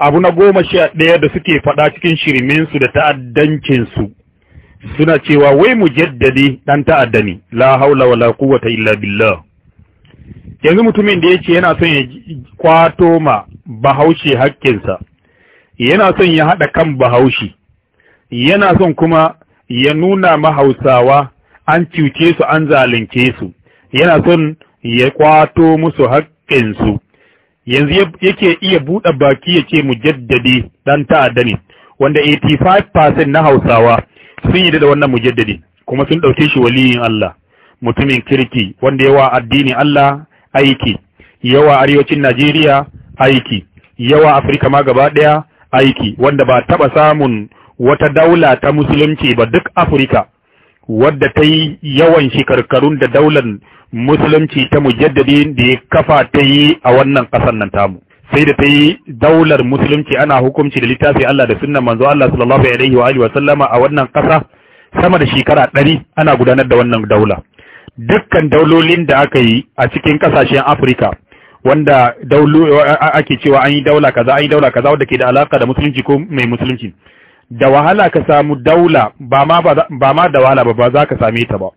abu na goma sha ɗaya da suke faɗa cikin shiriminsu da ta'addancinsu suna cewa wai mu jaddadi ɗan ta'adda ne la haula wala quwwata illa billah yanzu mutumin da ya ce yana son ya kwato ma bahaushe haƙƙinsa yana son ya haɗa kan bahaushe yana son kuma ya nuna mahausawa an cuce su an zalunce su yana son ya kwato musu haƙƙinsu yanzu yake iya buɗe baki ya ce mujaddadi ɗan ta'adda ne wanda 85% na hausawa sun yi da wannan mujaddadi kuma sun ɗauke shi waliyin Allah mutumin kirki wanda yawa addini Allah aiki yawa arewacin Najeriya aiki yawa Afirka ma gaba ɗaya aiki wanda ba taɓa samun wata daula ta musulunci ba duk Afirka wadda ta yi yawan shekarkarun da daular musulunci ta mujaddadi da ya kafa ta yi a wannan ƙasar nan tamu sai da ta yi daular musulunci ana hukunci da littafi Allah da sunnan manzo Allah sallallahu alaihi wa alihi wa sallama a wannan ƙasa sama da shekara ɗari ana gudanar da wannan daula dukkan daulolin da aka yi a cikin ƙasashen Afirka wanda ake cewa an yi daula kaza an yi daula kaza wadda ke da alaka da musulunci ko mai musulunci da wahala ka samu daula ba ma ba ma da wahala ba ba za ka same ta ba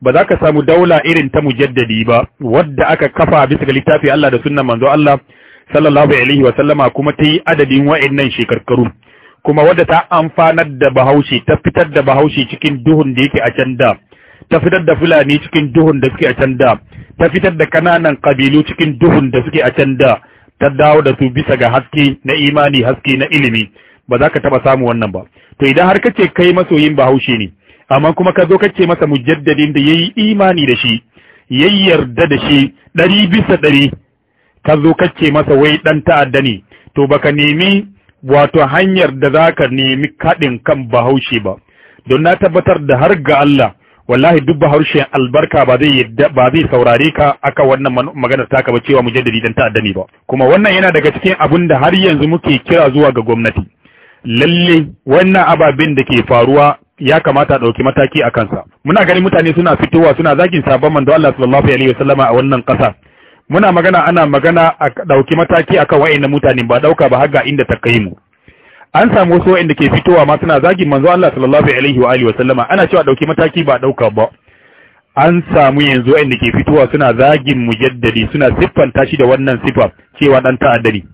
ba za ka samu daula irin ta mujaddadi ba wadda aka kafa bisa ga littafi Allah da sunnan manzo Allah sallallahu alaihi wa sallama kuma ta yi adadin wa'annan shekarkaru kuma wadda ta amfanar da bahaushe ta fitar da bahaushe cikin duhun da yake a can da ta fitar da fulani cikin duhun da suke a can da ta fitar da kananan kabilu cikin duhun da suke a can da ta dawo da su bisa ga haske na imani haske na ilimi ba za ka taba samu wannan ba to idan har kace kai masoyin bahaushe ne amma kuma ka zo kace masa mujaddadin da yayi imani da shi yayi yarda da shi ɗari bisa ɗari ka zo kace masa wai dan ta'adda ne to baka nemi wato hanyar da za ka nemi kaɗin kan bahaushe ba don na tabbatar da har ga Allah wallahi duk bahaushe albarka ba zai ba zai saurare ka aka wannan ta taka ba cewa mujaddadi dan ta'adda ne ba kuma wannan yana daga cikin abin da har yanzu muke kira zuwa ga gwamnati lalle wannan ababen da ke faruwa ya kamata a ɗauki mataki a kansa muna ganin mutane suna fitowa suna zagin sabon manzo Allah sallallahu alaihi wasallama a wannan ƙasa muna magana ana magana a ɗauki mataki akan wa'in mutane ba ɗauka ba har inda ta kai mu an samu wasu wa'inda ke fitowa ma suna zagin manzo Allah sallallahu alaihi wa wasallama ana cewa ɗauki mataki ba ɗauka ba an samu yanzu wa'inda ke fitowa suna zagin mujaddadi suna siffanta shi da wannan sifa cewa ɗan ta'addani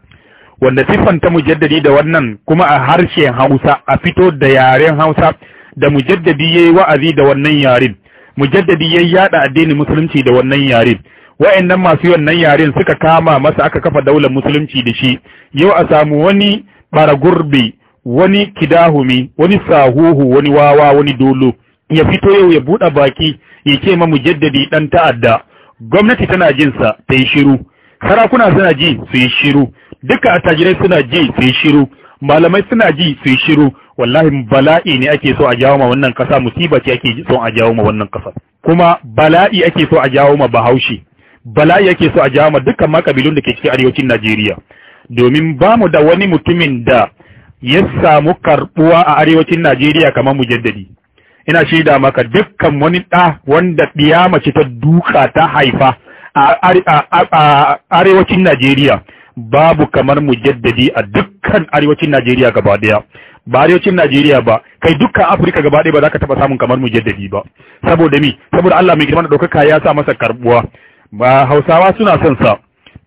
wanda siffanta mujaddadi da wannan kuma a harshen Hausa a fito da yaren Hausa da mujaddadi yayi wa'azi da wannan yaren mujaddadi yayi yada addinin musulunci da wannan yaren wa'annan masu wannan yaren suka kama masa aka kafa daular musulunci da shi yau a samu wani baragurbi wani kidahumi wani sahuhu wani wawa wani dolo ya fito yau ya buɗe baki ya ce ma mujaddadi ɗan ta'adda gwamnati tana jinsa ta yi shiru sarakuna suna ji su yi shiru duka attajirai suna ji su shiru malamai suna ji su shiru wallahi bala'i ne ake so a jawo ma wannan kasa musiba ce ake so a jawo ma wannan kasa kuma bala'i ake so a jawo ma bahaushe bala'i ake so a jawo ma dukkan makabilun da ke cikin arewacin Najeriya domin ba mu da wani mutumin da ya samu karbuwa a arewacin Najeriya kamar mujaddadi ina shaida maka dukkan wani ɗa wanda ɗiya mace ta duka ta haifa a arewacin Najeriya babu kamar mu jaddadi a dukkan arewacin Najeriya gaba daya ba arewacin Najeriya ba kai dukkan Afirka gaba daya ba za ka taba samun kamar mu jaddadi ba saboda mi saboda Allah mai girma da daukaka ya sa masa karbuwa ba Hausawa suna son sa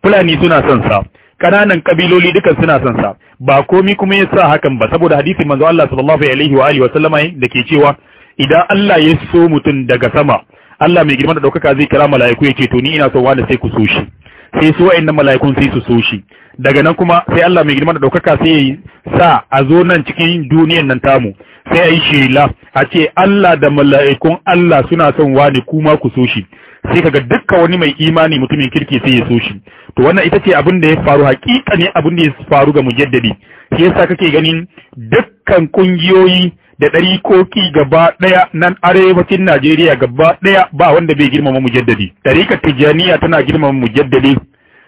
Fulani suna son sa kananan kabiloli dukan suna son sa ba komi kuma ya sa hakan ba saboda hadisi manzo Allah sallallahu alaihi wa alihi wa sallama dake cewa idan Allah ya so mutum daga sama Allah mai girma da daukaka zai kira mala'iku ya ce to ni ina so wani sai ku so shi sai su wa'annan mala'ikun sai su so shi daga nan kuma sai Allah mai girma da daukaka sai ya sa a zo nan cikin duniyar nan tamu sai a yi shela a ce Allah da mala'ikun Allah suna son wani kuma ku so shi sai kaga dukka wani mai imani mutumin kirki sai ya so shi to wannan ita ce abin da ya faru hakika ne abin da ya faru ga mujaddadi shi yasa kake ganin dukkan kungiyoyi da ɗarikoki gaba ɗaya nan arewacin Najeriya gaba ɗaya ba wanda bai girmama mujaddadi. Ɗarikar Tijjaniya tana girmama mujaddadi,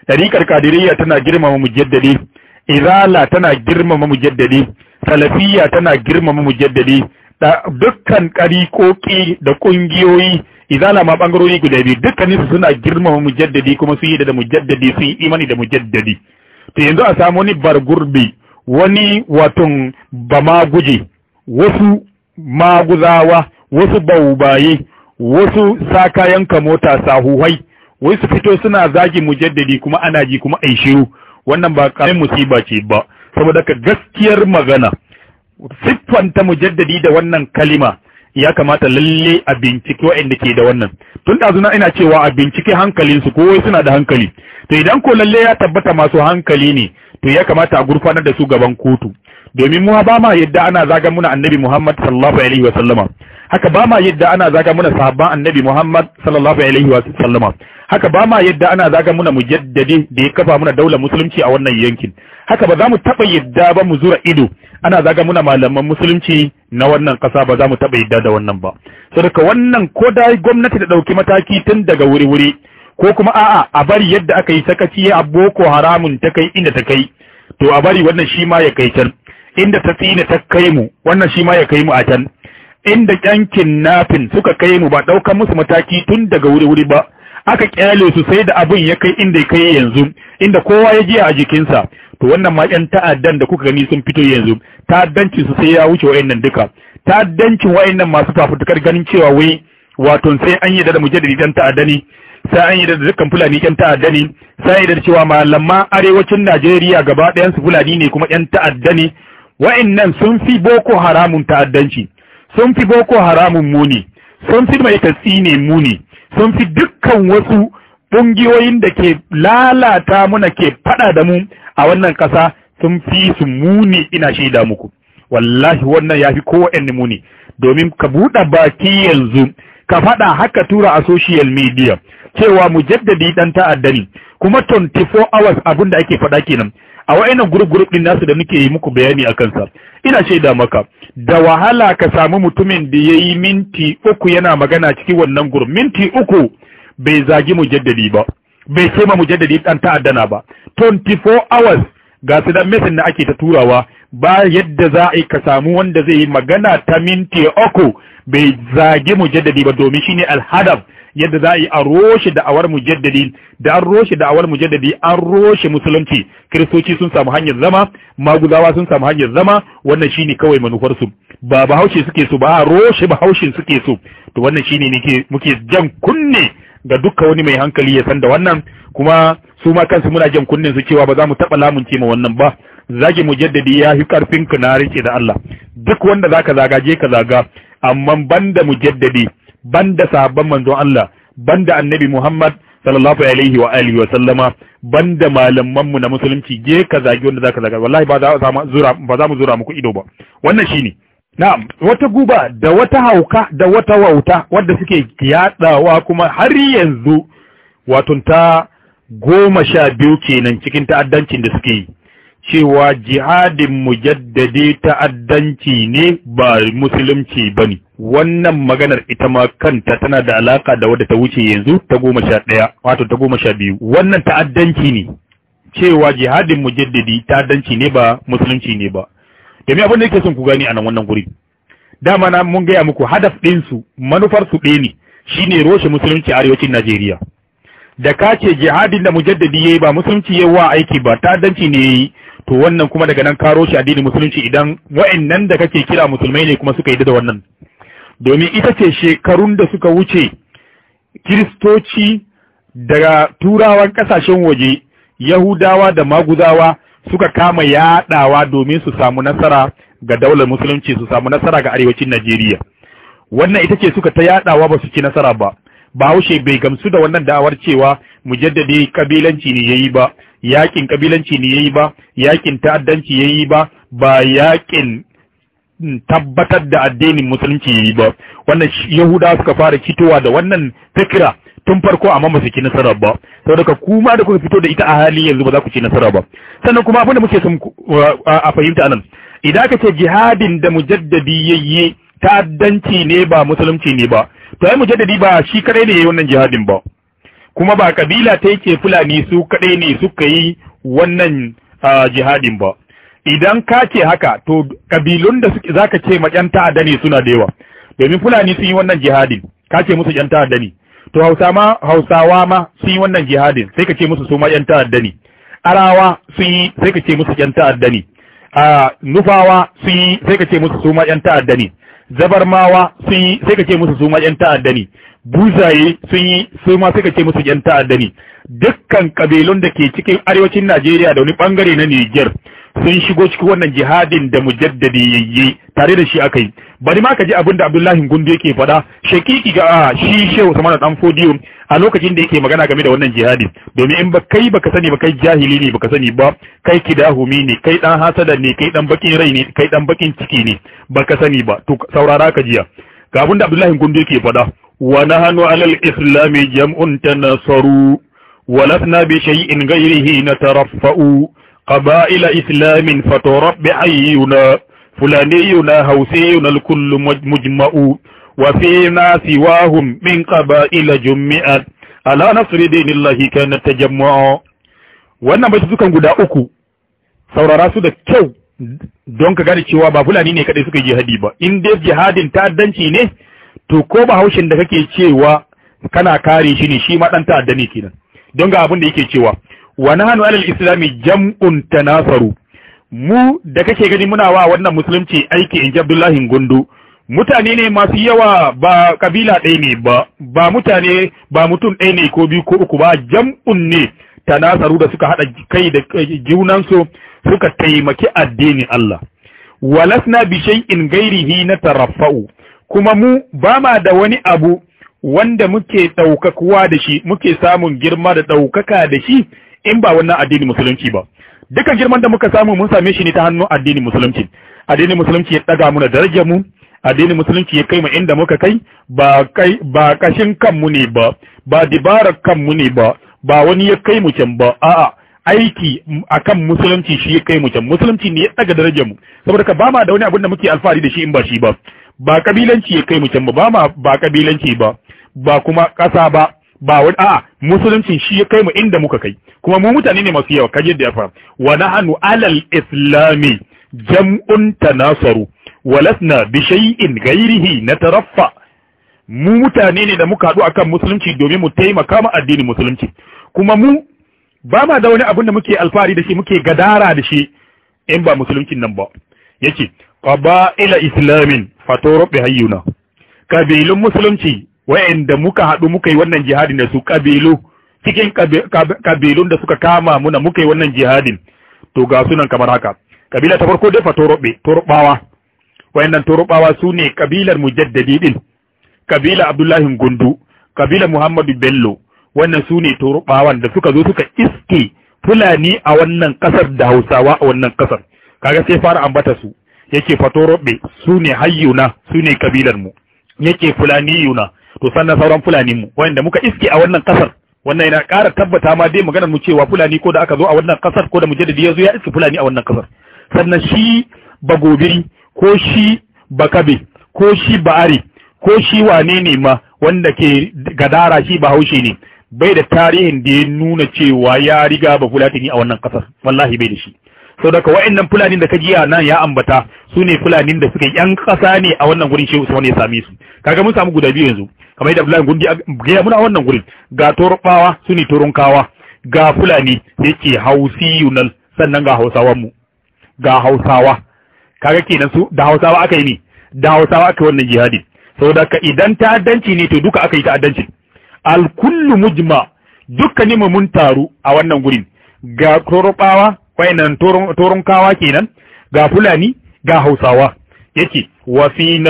ɗarikar Kadiriyya tana girmama mujaddadi, Izala tana girmama mujaddadi, Salafiyya tana girmama mujaddadi, dukkan ƙarikoki da ƙungiyoyi izala ma ɓangarori guda biyu dukkaninsu suna girmama mujaddadi kuma sun yi da mujaddadi sun yi imani da mujaddadi. To yanzu a samu wani bargurbi wani waton bama guje wasu maguzawa wasu baubaye wasu sa kayan mota sahuhai wai su fito suna zagi mujaddadi kuma ana ji kuma ai shiru wannan ba karamin musiba ce ba saboda ka gaskiyar magana siffanta mujaddadi da wannan kalima ya kamata lalle a bincike ke da wannan tun da ɗazuna ina cewa a bincike hankalinsu ko wai suna da hankali to idan ko lalle ya tabbata masu hankali ne to ya kamata a gurfanar da su gaban kotu domin mu ba ma yadda ana zaga muna annabi Muhammad sallallahu alaihi wa sallama haka ba ma yadda ana zaga muna sahabban annabi Muhammad sallallahu alaihi wa sallama haka ba ma yadda ana zaga muna mujaddadi da ya kafa muna daular musulunci a wannan yankin haka ba za mu taba yadda ba mu zura ido ana zaga muna malaman musulunci na wannan kasa ba za mu taba yadda da wannan ba saboda wannan ko da gwamnati da dauki mataki tun daga wuri-wuri ko kuma a'a a bari yadda aka yi sakaci ya boko haramun ta kai inda ta kai to a bari wannan shi ma ya kai can inda ta tsina ta kai mu wannan shi ma ya kai mu a can inda yankin nafin suka kai mu ba ɗaukan musu mataki tun daga wuri-wuri ba aka kyale su sai da abin ya kai inda ya kai yanzu inda kowa ya je a jikinsa to wannan ma yan ta'addan da kuka gani sun fito yanzu ta'addancin su sai ya wuce wayannan duka ta'addancin nan masu fafutukar ganin cewa wai wato sai an yi da mujaddidi dan ta'adda sai an yi da dukkan fulani yan ta'adda ne sai da cewa malamma arewacin Najeriya gaba ɗayan su fulani ne kuma yan ta'adda ne wa'annan sun fi boko haramun ta'addanci sun fi boko haramun muni sun fi mai katsi ne muni sun fi dukkan wasu ƙungiyoyin da ke lalata muna ke faɗa da mu a wannan ƙasa sun fi su muni ina shaida muku wallahi wannan ya fi kowa muni domin ka buɗe baki yanzu ka faɗa haka tura a social media cewa mujaddadi dan ta'adda ne kuma 24 hours abinda ake faɗa kenan a wa'ina gurgurup nasu da muke yi muku bayani a kansa ina shaida maka da wahala ka samu mutumin da ya yi minti uku yana magana cikin wannan guru minti uku bai zagi mu jaddadi ba bai mu mujaddadi dan ta'addana ba 24 hours ga su dan mesin da ake ta turawa ba yadda za a yi ka samu wanda zai yi magana ta minti uku bai zage mu jaddadi ba domin shine alhadaf yadda za a yi a roshe da'awar jaddadi. da an roshe da'awar jaddadi, an roshe musulunci kiristoci sun samu hanyar zama maguzawa sun samu hanyar zama wannan shine kawai su. ba bahaushe suke so ba a roshe bahaushe suke so to wannan shine ne muke jan kunne ga dukkan wani mai hankali ya san da wannan kuma su ma kansu muna jan kunnen su cewa ba za mu taɓa lamunce ma wannan ba zage mu jaddadi ya fi karfin ka na rike da Allah duk wanda zaka zaga je ka zaga amma banda mujaddadi banda sahabban manzon Allah banda annabi Muhammad sallallahu alaihi wa alihi wa sallama banda malaman mu na musulunci je ka zagi wanda zaka zaga wallahi ba za mu zura ba za mu zura muku ido ba wannan shine na'am wata guba da wata hauka da wata wauta wadda suke yadawa kuma har yanzu wato ta goma sha biyu kenan cikin ta'addancin da suke yi cewa jihadin mujaddadi ta'addanci ne ba musulunci ba ne. Wannan maganar ita ma kanta tana da alaka da wadda ta wuce yanzu ta goma sha ɗaya, wato ta goma sha biyu. Wannan ta'addanci ne, cewa jihadin mujaddadi ta'addanci ne ba musulunci ne ba. Domin abin da yake son ku gani a nan wannan guri. Dama na mun gaya muku hadaf ɗinsu manufarsu ɗaya ne shine roshe musulunci arewacin Najeriya. Da ka ce jihadin da mujaddadi ya yi ba musulunci ya wa aiki ba ta'addanci ne ya yi to wannan kuma daga nan karo shi addinin musulunci idan wa'annan da kake kira musulmai ne kuma suka yi da wannan domin ita ce shekarun da suka wuce kiristoci daga turawan kasashen waje yahudawa da maguzawa suka kama yadawa domin su samu nasara ga daular musulunci su samu nasara ga arewacin Najeriya wannan ita ce suka ta yadawa ba su ci nasara ba Ba haushe bai gamsu da wannan da'awar cewa mujaddadi kabilanci ne yayi ba yakin kabilanci ne yayi ba yakin ta'addanci yayi ba ba yakin tabbatar da addinin musulunci yayi ba wannan yahudawa suka fara fitowa da wannan fikira tun farko amma ba su ci nasara ba saboda ka kuma da kuka fito da ita a hali yanzu ba za ku ci nasara ba sannan kuma abin da muke son a fahimta anan idan aka ce jihadin da mujaddadi yayye ta'addanci ne ba musulunci ne ba to ai mujaddadi ba shi kadai ne yayi wannan jihadin ba kuma ba kabila ta yake fulani su kaɗai ne suka yi wannan jihadin ba idan ka ce haka to kabilun da suke zaka ce ma ƴan ta'adda ne suna da yawa domin fulani sun yi wannan jihadin ka ce musu ƴan ta'adda ne to hausa ma hausawa ma sun yi wannan jihadin sai ka ce musu su ma ƴan ta'adda ne arawa sun yi sai ka ce musu ƴan ta'adda ne a nufawa sun yi sai ka ce musu su ma ƴan ta'adda ne zabarmawa sun yi sai ka ce musu su ma ƴan ta'adda ne buzaye sun yi su ma suka ce musu yan ta'adda ne dukkan kabilun da ke cikin arewacin Najeriya da wani bangare na Niger sun shigo cikin wannan jihadin da mujaddadi yayye tare da shi akai bari ma ka ji abin da Abdullahi Gundu yake faɗa shakiki ga ah, shi Shehu Usman Dan Fodiyo a lokacin da yake magana game da wannan jihadi domin in ba kai baka sani ba kai jahili ne baka sani ba kai kidahumi ne kai dan hasada ne kai dan bakin rai ne kai dan bakin ciki ne baka sani ba to saurara ka jiya ga abin da Abdullahi Gundu yake faɗa wana hannu alal islami jam’un ta nasaru, walasna bi shayi in gairihi na tarafa’u, ƙaba’ila islamin fatorar bi ayyuna, fulani yuna hausse yunar kullu mujma’u, wafi na siwa hun min ƙaba’ila jumi’ar, ala nasiri dini lahi kan ta jama’o. Wannan bai sukan guda uku, saurara su da kyau don ka gane cewa ba fulani ne kaɗai suka jihadi ba, in dai jihadin ta'addanci ne, to ko bahaushen da kake cewa kana kare shi ne shi ma dan ta'adda ne kenan don ga abin da yake cewa wa nahnu alal islami jam'un tanasaru mu da kake gani muna wa wannan musulunci aiki in Abdullahi Gundu mutane ne masu yawa ba kabila ɗaya ne ba ba mutane ba mutum ɗaya ne ko biyu ko uku ba jam'un ne tanasaru da suka hada kai da su suka taimaki addinin Allah walasna bi shay'in ghairihi na tarafa'u kuma mu ba ma da wani abu wanda muke ɗaukakuwa da shi muke samun girma da ɗaukaka da shi in ba wannan addinin musulunci ba Dukkan girman da muka samu mun same shi ne ta hannun addinin musulunci addinin musulunci ya ɗaga mu da darajar mu addinin musulunci ya kai mu inda muka kai ba kai ba kashin kanmu ne ba ba dibarar kanmu ne ba ba wani ya kai mu can ba a'a aiki akan musulunci shi ya kai mu can musulunci ne ya ɗaga darajar mu saboda ka ba ma da wani abin da muke alfahari da shi in ba shi ba ba kabilanci ya kai mu can ba ma ba kabilanci ba ba kuma ƙasa ba ba wani a'a musulunci shi ya kai mu inda muka kai kuma mu mutane ne masu yawa kaje da ya fara wa hannu alal islami jam'un ta tanasaru walasna bi shay'in ghairihi tarafa. mu mutane ne da muka haɗu akan musulunci domin mu taimaka ma addinin musulunci kuma mu ba ma da wani abin da muke alfahari da shi muke gadara da shi in ba musulunci nan ba yake qaba'ila islamin fatoro bi hayyuna kabilun muslimci wa'anda muka hadu muka yi wannan jihadin da su kabilu cikin kabilun da suka kama muna muka yi wannan jihadin to ga sunan kamar haka kabila ta farko dai fatorobe torbawa wayannan torbawa su ne kabilar mujaddadi din kabila abdullahi gundu kabila muhammadu bello wannan su ne torbawan da suka zo suka iske fulani a wannan kasar da hausawa a wannan kasar kaga sai fara ambata su yake fato robe su ne hayyuna su ne kabilarmu yake fulani yuna to sannan sauran fulani mu wanda muka iske a wannan kasar wannan yana ƙara tabbata ma dai maganar mu cewa fulani ko da aka zo a wannan kasar ko da mujaddidi ya zo ya iske fulani a wannan kasar sannan shi bagobiri ko shi bakabe ko shi ba'ari ko shi wane ne ma wanda ke gadara shi bahaushe ne bai da tarihin da ya nuna cewa ya riga ba fulatini a wannan kasar wallahi bai da shi sau daga wa'annan fulanin da ka jiya nan ya ambata su ne fulanin da suke yan ƙasa ne a wannan gurin shehu usman ya same su kaga mun samu guda biyu yanzu kamar yadda abdullahi gundi gaya muna wannan gurin ga torbawa su ne turunkawa ga fulani yake hausiyunal sannan ga hausawan mu ga hausawa kaga kenan su da hausawa aka yi ne da hausawa aka yi wannan jihadi sau daga idan ta'addanci ne to duka aka yi ta'addanci al kullu mujma dukkanin mu mun taru a wannan gurin ga torbawa wayannan turun kawa kenan ga fulani ga hausawa yake wa fi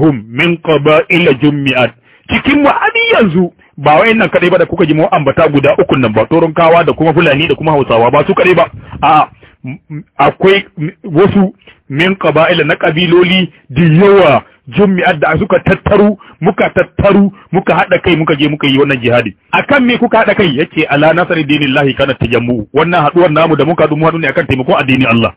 hum min qaba'il jummi'at cikin mu yanzu ba wayannan kadai ba da kuka ji mu ambata guda uku nan ba turun kawa da kuma fulani da kuma hausawa ba su kadai ba a akwai wasu min qaba'il na kabiloli da yawa jumi'ar da suka tattaru muka tattaru muka hada kai muka je muka yi wannan jihadi akan me kuka hada kai yace ala nasri dinillahi kana tajammu wannan haduwar namu da muka dumu hadu ne akan taimako, addinin Allah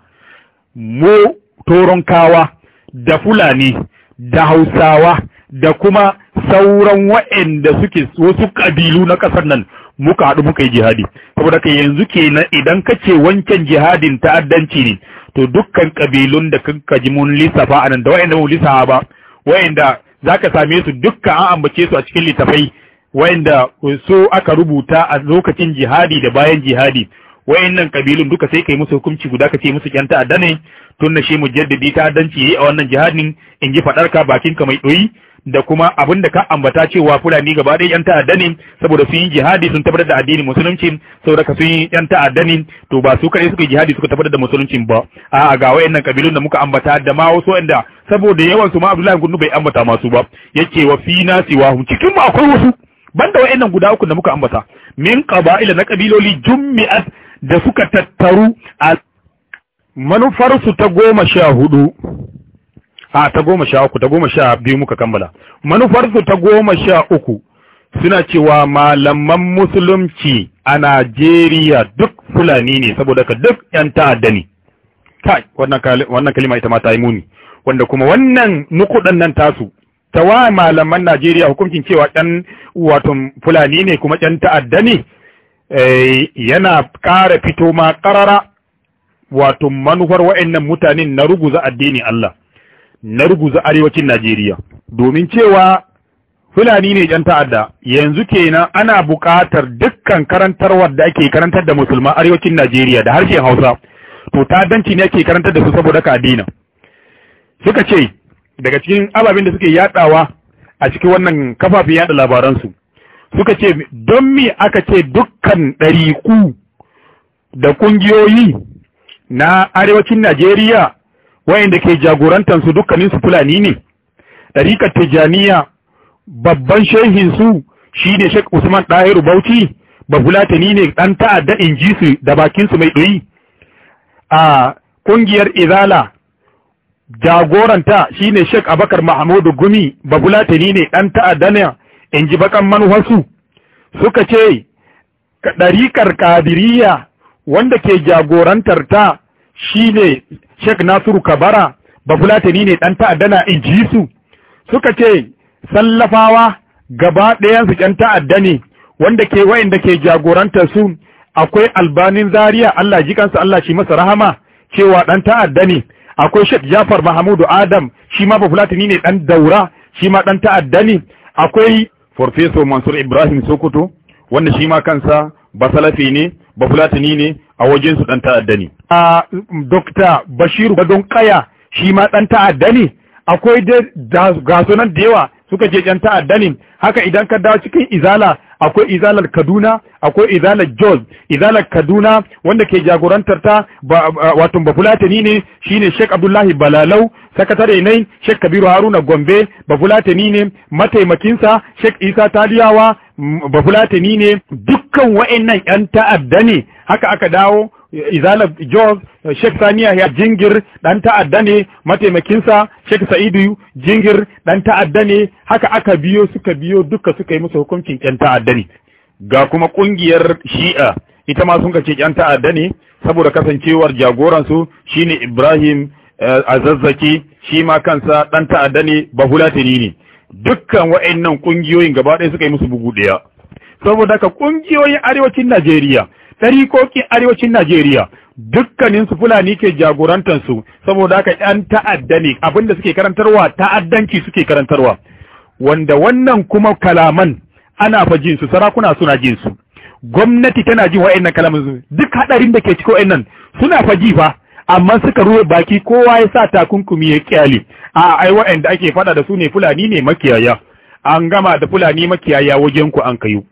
mu toron kawa da fulani da hausawa da kuma sauran waɗanda suke wasu kabilu na kasar nan muka haɗu muka yi jihadi saboda ka yanzu kenan idan ka ce wancan jihadin ta'addanci ne to dukkan kabilun da kanka ji mun lissafa anan da wa'anda mun lissafa ba wayanda zaka same su dukka an ambace su a cikin littafai wayanda su aka rubuta a lokacin jihadi da bayan jihadi nan kabilun duka sai kai musu hukunci guda ka ce musu yan ta'adda ne na shi mujaddidi ta'addanci yayi a wannan jihadin in ji fadar ka bakin ka mai doyi da kuma abin da ka ambata cewa fulani gaba ɗaya yan ta'adda ne saboda sun yi jihadi sun tabbatar da addinin musulunci saboda sun yi yan ta'adda ne to ba su kare suka yi jihadi suka tabbatar da musulunci ba a'a ga nan kabilun da muka ambata da ma wasu wanda saboda yawan su ma Abdullahi Gundu bai ambata masu ba yake wa fi siwahum cikin mu akwai wasu banda nan guda uku da muka ambata min qaba'ila na kabiloli jummi'at da suka tattaru a manufarsu ta goma sha hudu a ta goma sha uku ta goma sha biyu muka kammala manufarsu ta goma sha uku suna cewa malaman musulunci a Najeriya duk fulani ne saboda ka duk ‘yan ta'adda ne kai wannan kalima ita ma ta yi muni wanda kuma wannan nukudan nan tasu ta wa malaman Najeriya hukuncin cewa ‘yan wato fulani ne kuma ‘yan ta'adda ne Eh, yana ƙara fito ma ƙarara wato manufar wa'annan mutanen na ruguza addini Allah na ruguza arewacin Najeriya domin cewa Fulani ne ɗan ta'adda yanzu kenan ana buƙatar dukkan karantarwar da ake karantar da musulman arewacin Najeriya da harshen Hausa to ta danci ne ake karantar da su saboda ka addina suka ce daga cikin ababen da suke yadawa a cikin wannan kafafen yada labaransu suka ce don mi aka ce dukkan ɗariku da ƙungiyoyi na arewacin Najeriya wayanda ke jagorantansu dukkaninsu Fulani ne, ɗarikar Tijaniya babban shehinsu shi ne Sheikh Usman Ɗahiru Bauchi, ba Fulatani ne ɗan ta'adda in ji su da bakinsu mai ɗoyi. A ƙungiyar Izala jagoranta shi ne Sheikh Abakar Mahamudu Gumi, ba Fulatani ne ɗan ta'adda ne. in ji bakan manuwarsu suka ce ɗariƙar ƙadiriya wanda ke jagorantar ta shi ne Sheikh Nasiru Kabara bafulatani ne ɗan ta'adda na in ji su suka ce sallafawa gaba ɗayansu ɗan ta'adda ne wanda ke da ke jagorantar su akwai albanin zariya Allah ji kansa Allah shi masa rahama cewa ɗan ta'adda ne akwai Sheikh Jafar Mahamudu Adam shi ma bafulatani ne ɗan daura shi ma ɗan ta'adda ne akwai farfeso mansur ibrahim sokoto wanda shi ma kansa ba salafi ne ba fulatani ne a wajen su dan ta'adda ne a dokta Bashiru Badon kaya shi ma dan ta'adda ne akwai da gaso da yawa suka je yan ta'adda ne haka idan ka dawo cikin izala akwai izalar kaduna akwai izalar jos izalar kaduna wanda ke jagorantar ta wato bafulatani ne shine sheik abdullahi balalau sakatare ne sheik kabiru haruna gombe bafulatani ne mataimakinsa sheik isa taliyawa bafulatani ne dukkan wa'annan yan ta'adda ne haka aka dawo izalab jos sheikh saniya ya jingir dan ta'adda ne mataimakinsa sheikh sa'idu jingir dan ta'adda ne haka aka biyo suka biyo duka suka yi musu hukuncin yan ta'adda ne ga kuma ƙungiyar shi'a ita ma sun kace yan ta'adda ne saboda kasancewar jagoransu shine ibrahim eh, azazzaki shi ma kansa dan ta'adda ne bahulatini ne dukkan wa'annan kungiyoyin gaba ɗaya suka yi musu bugu ɗaya saboda ka ƙungiyoyin arewacin najeriya tarikokin arewacin Najeriya dukkanin Fulani ke jagorantar saboda haka ɗan ta'adda ne abinda suke karantarwa ta'addanci suke karantarwa wanda wannan kuma kalaman ana fa jin su sarakuna suna jin su gwamnati tana jin wa'annan kalaman su, duk hadarin da ke ciko wa'annan suna fa ji fa amma suka ruwe baki kowa ya sa takunkumi ya kyale a ai wa'anda ake faɗa da su ne Fulani ne makiyaya an gama da Fulani makiyaya wajen ku an kayu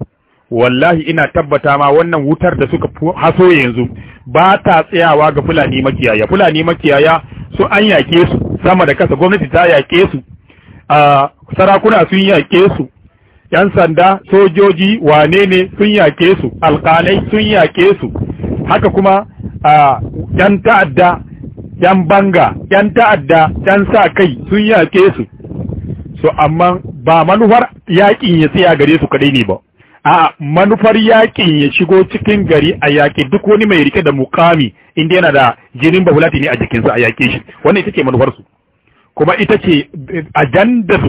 wallahi ina tabbata ma wannan wutar da suka haso yanzu ba ta tsayawa ga fulani makiyaya fulani makiyaya su an yake su sama da kasa gwamnati ta yake su a sarakuna sun yake su yan sanda sojoji wane ne sun yake su alƙalai sun yake su haka kuma a yan ta'adda yan banga yan ta'adda yan sa kai sun yake su so amma ba manufar yaƙin ya tsaya gare su kadai ne ba a manufar yakin ya shigo cikin gari a yaƙi duk wani mai rike da mukami inda yana da jinin babulati ne a jikinsa a yaƙe shi wannan ita ce manufarsu kuma ita ce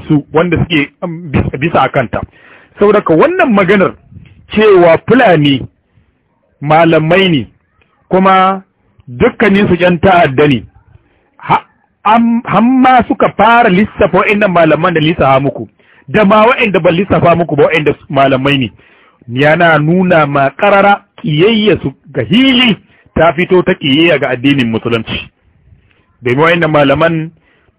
su wanda suke um, bisa a kanta saboda wannan maganar cewa fulani malamai ne kuma dukkanin su yan ta'adda ne ma suka fara lissafa wa'annan malaman da lissafa muku da ma wa'anda ban lissafa muku ba wa'anda malamai ne yana nuna ma karara kiyayya su ga hili ta fito ta kiyayya ga addinin musulunci domin wa'annan malaman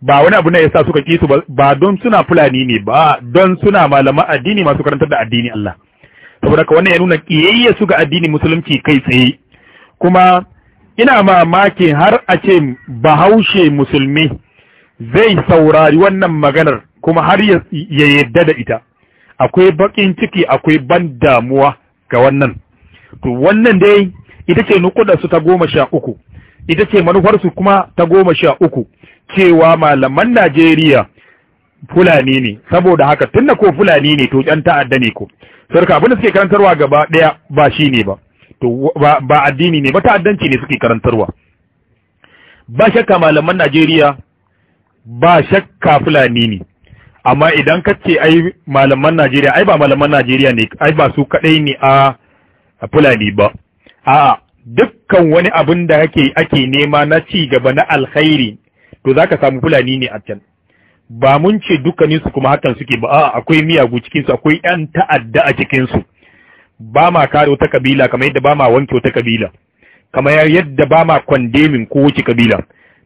ba wani abu ne sa suka ki su ba don suna fulani ne ba don suna malaman addini masu karantar da addini Allah saboda ka wannan ya nuna kiyayya su ga addinin musulunci kai tsaye kuma ina mamakin har a ce bahaushe musulmi zai saurari wannan maganar kuma har ya yadda da ita akwai bakin ciki akwai ban damuwa ga wannan to wannan dai ita ce nukudarsu ta goma sha uku ita ce manufarsu kuma ta goma sha uku cewa malaman Najeriya Fulani ne saboda haka tunda ko Fulani ne to ƴan ta'adda ne ko sarka abin da suke karantarwa gaba ɗaya ba shi ne ba to ba addini ne ba ta'addanci ne suke karantarwa ba shakka malaman Najeriya ba shakka Fulani ne amma idan ka ce ai malaman Najeriya ai ba malaman Najeriya ne ai ba su kadai ne a Fulani ba a'a dukkan wani abin da kake ake nema na ci gaba na alkhairi to zaka samu Fulani ne a can ba mun ce dukkanin su kuma hakan suke ba a akwai miyagu cikin su akwai yan ta'adda a cikin su ba ma kare wata kabila kamar yadda ba ma wanke wata kabila kamar yadda ba ma kwandemin kowace kabila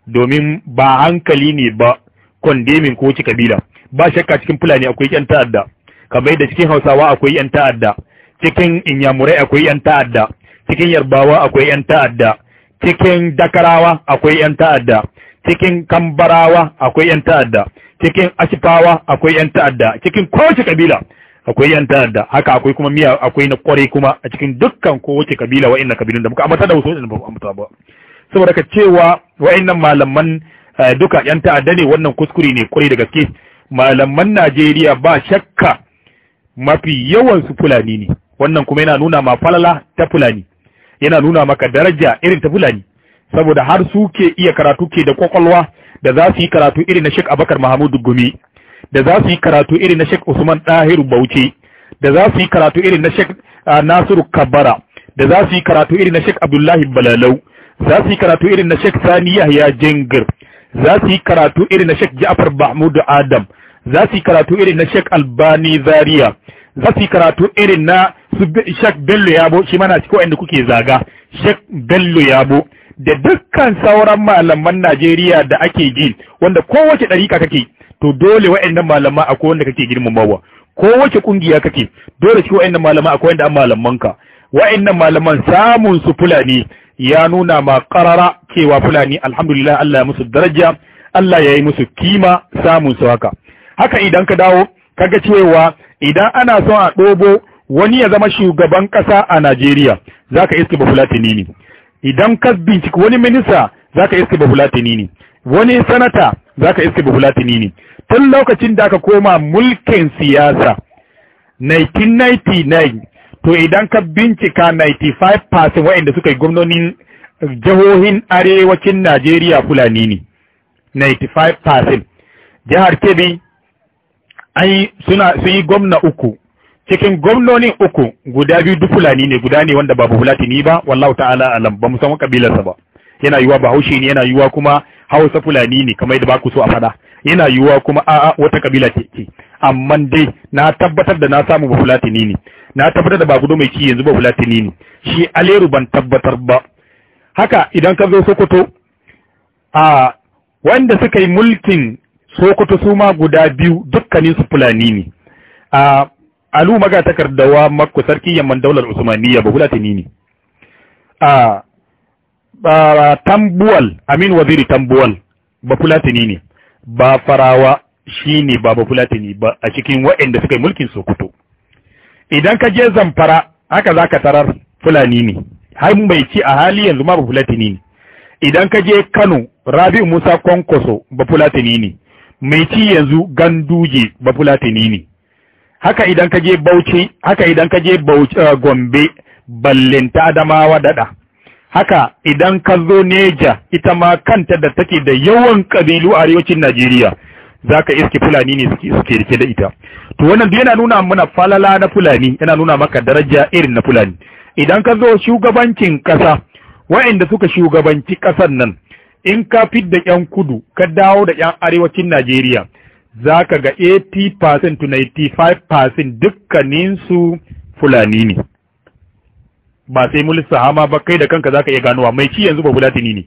domin ba hankali ne ba kwandemin kowace kabila ba shakka cikin fulani akwai yan ta'adda kamar da cikin hausawa akwai yan ta'adda cikin inyamurai akwai yan ta'adda cikin yarbawa akwai yan ta'adda cikin dakarawa akwai yan ta'adda cikin kambarawa akwai yan ta'adda cikin ashifawa akwai yan ta'adda cikin kowace kabila akwai yan ta'adda haka akwai kuma miya akwai na kwarai kuma a cikin dukkan kowace kabila wa'annan kabilun da muka amma da wasu ba saboda ka cewa wa'annan malaman eh, duka yan ta'adda ne wannan kuskure ne kwarai da gaske malaman Najeriya ba shakka mafi yawan su fulani ne wannan kuma yana nuna ma falala ta fulani yana nuna maka daraja irin ta fulani saboda har suke iya karatu ke da kwakwalwa da za su yi karatu irin na Sheikh Abakar Mahmud Gumi da za su yi karatu irin na Sheikh Usman Dahiru Bauchi da za su yi karatu irin na Sheikh ah, Nasiru Kabara da za su yi karatu irin na Sheikh Abdullahi Balalau za su yi karatu irin na Sheikh Sani Yahya Jengir za su yi karatu irin na Sheikh Ja'far Mahmud Adam za su yi karatu irin na Sheikh Albani Zaria za su yi karatu irin na Sheikh Bello Yabo shi mana cikin wanda kuke zaga Sheikh Bello Yabo da dukkan sauran malaman Najeriya da ake ji wanda kowace dariƙa kake to dole waɗannan malama akwai wanda kake girmamawa kowace ƙungiya kake dole shi waɗannan malama akwai wanda an malamanka wa'annan malaman samun su fulani ya nuna ma karara cewa fulani alhamdulillah Allah ya musu daraja Allah ya yi musu kima samun su haka haka idan ka dawo kaga cewa idan ana son a ɗobo wani ya zama shugaban ƙasa a Najeriya za ka iske bafulatini ne idan ka binciki wani minista za ka iske bafulatini ne wani sanata za ka iske bafulatini ne tun lokacin da aka koma mulkin siyasa 1999 to idan ka bincika 95% waɗanda suka yi gwamnonin jihohin arewacin Najeriya Fulani ne 95% jihar Kebbi ai suna sun yi gwamna uku cikin gwamnonin uku guda biyu duk fulani ne guda ne wanda babu ni ba wallahu ta'ala alam ba musamman san kabilarsa ba yana yiwa bahaushe ne yana yiwa kuma hausa fulani ne kamar yadda ba ku so a fada yana yiwa kuma a'a wata kabila ce ce amma dai na tabbatar da na samu ba fulatini ne na tabbatar da ba gudu mai ci yanzu ba fulatini ne shi aleru ban tabbatar ba haka idan ka zo sokoto a wanda suka yi mulkin sokoto su ma guda biyu dukkanin su fulani ne a alu maga takardawa makku sarki yamman daular usmaniyya ba fulani ne tambuwal amin waziri tambuwal ba fulani ne ba farawa shi ne ba ba ba a cikin waɗanda suka yi mulkin sokoto idan ka je zamfara haka za ka tarar fulani ne har mai ci a hali yanzu ma ba fulani ne idan ka je kano rabi'u musa kwankwaso ba fulani ne mai ci yanzu ganduje bafulatani ne haka idan ka je bauchi haka idan ka je eh, gombe ballinta adamawa dada haka idan ka zo neja ita ma kanta da take da yawan kabilu a arewacin najeriya za ka iske fulani ne suke rike da ita to wannan duk yana nuna mana falala na fulani yana nuna maka daraja irin na fulani idan ka zo shugabancin ƙasa, wa'inda suka shugabanci kasan nan in ka fidda yan kudu ka dawo da yan arewacin Najeriya za ka ga 80% to 95% dukkaninsu fulani ne ba sai mun sahama ba kai da kanka za ka iya ganowa mai ci yanzu ba fulatini ne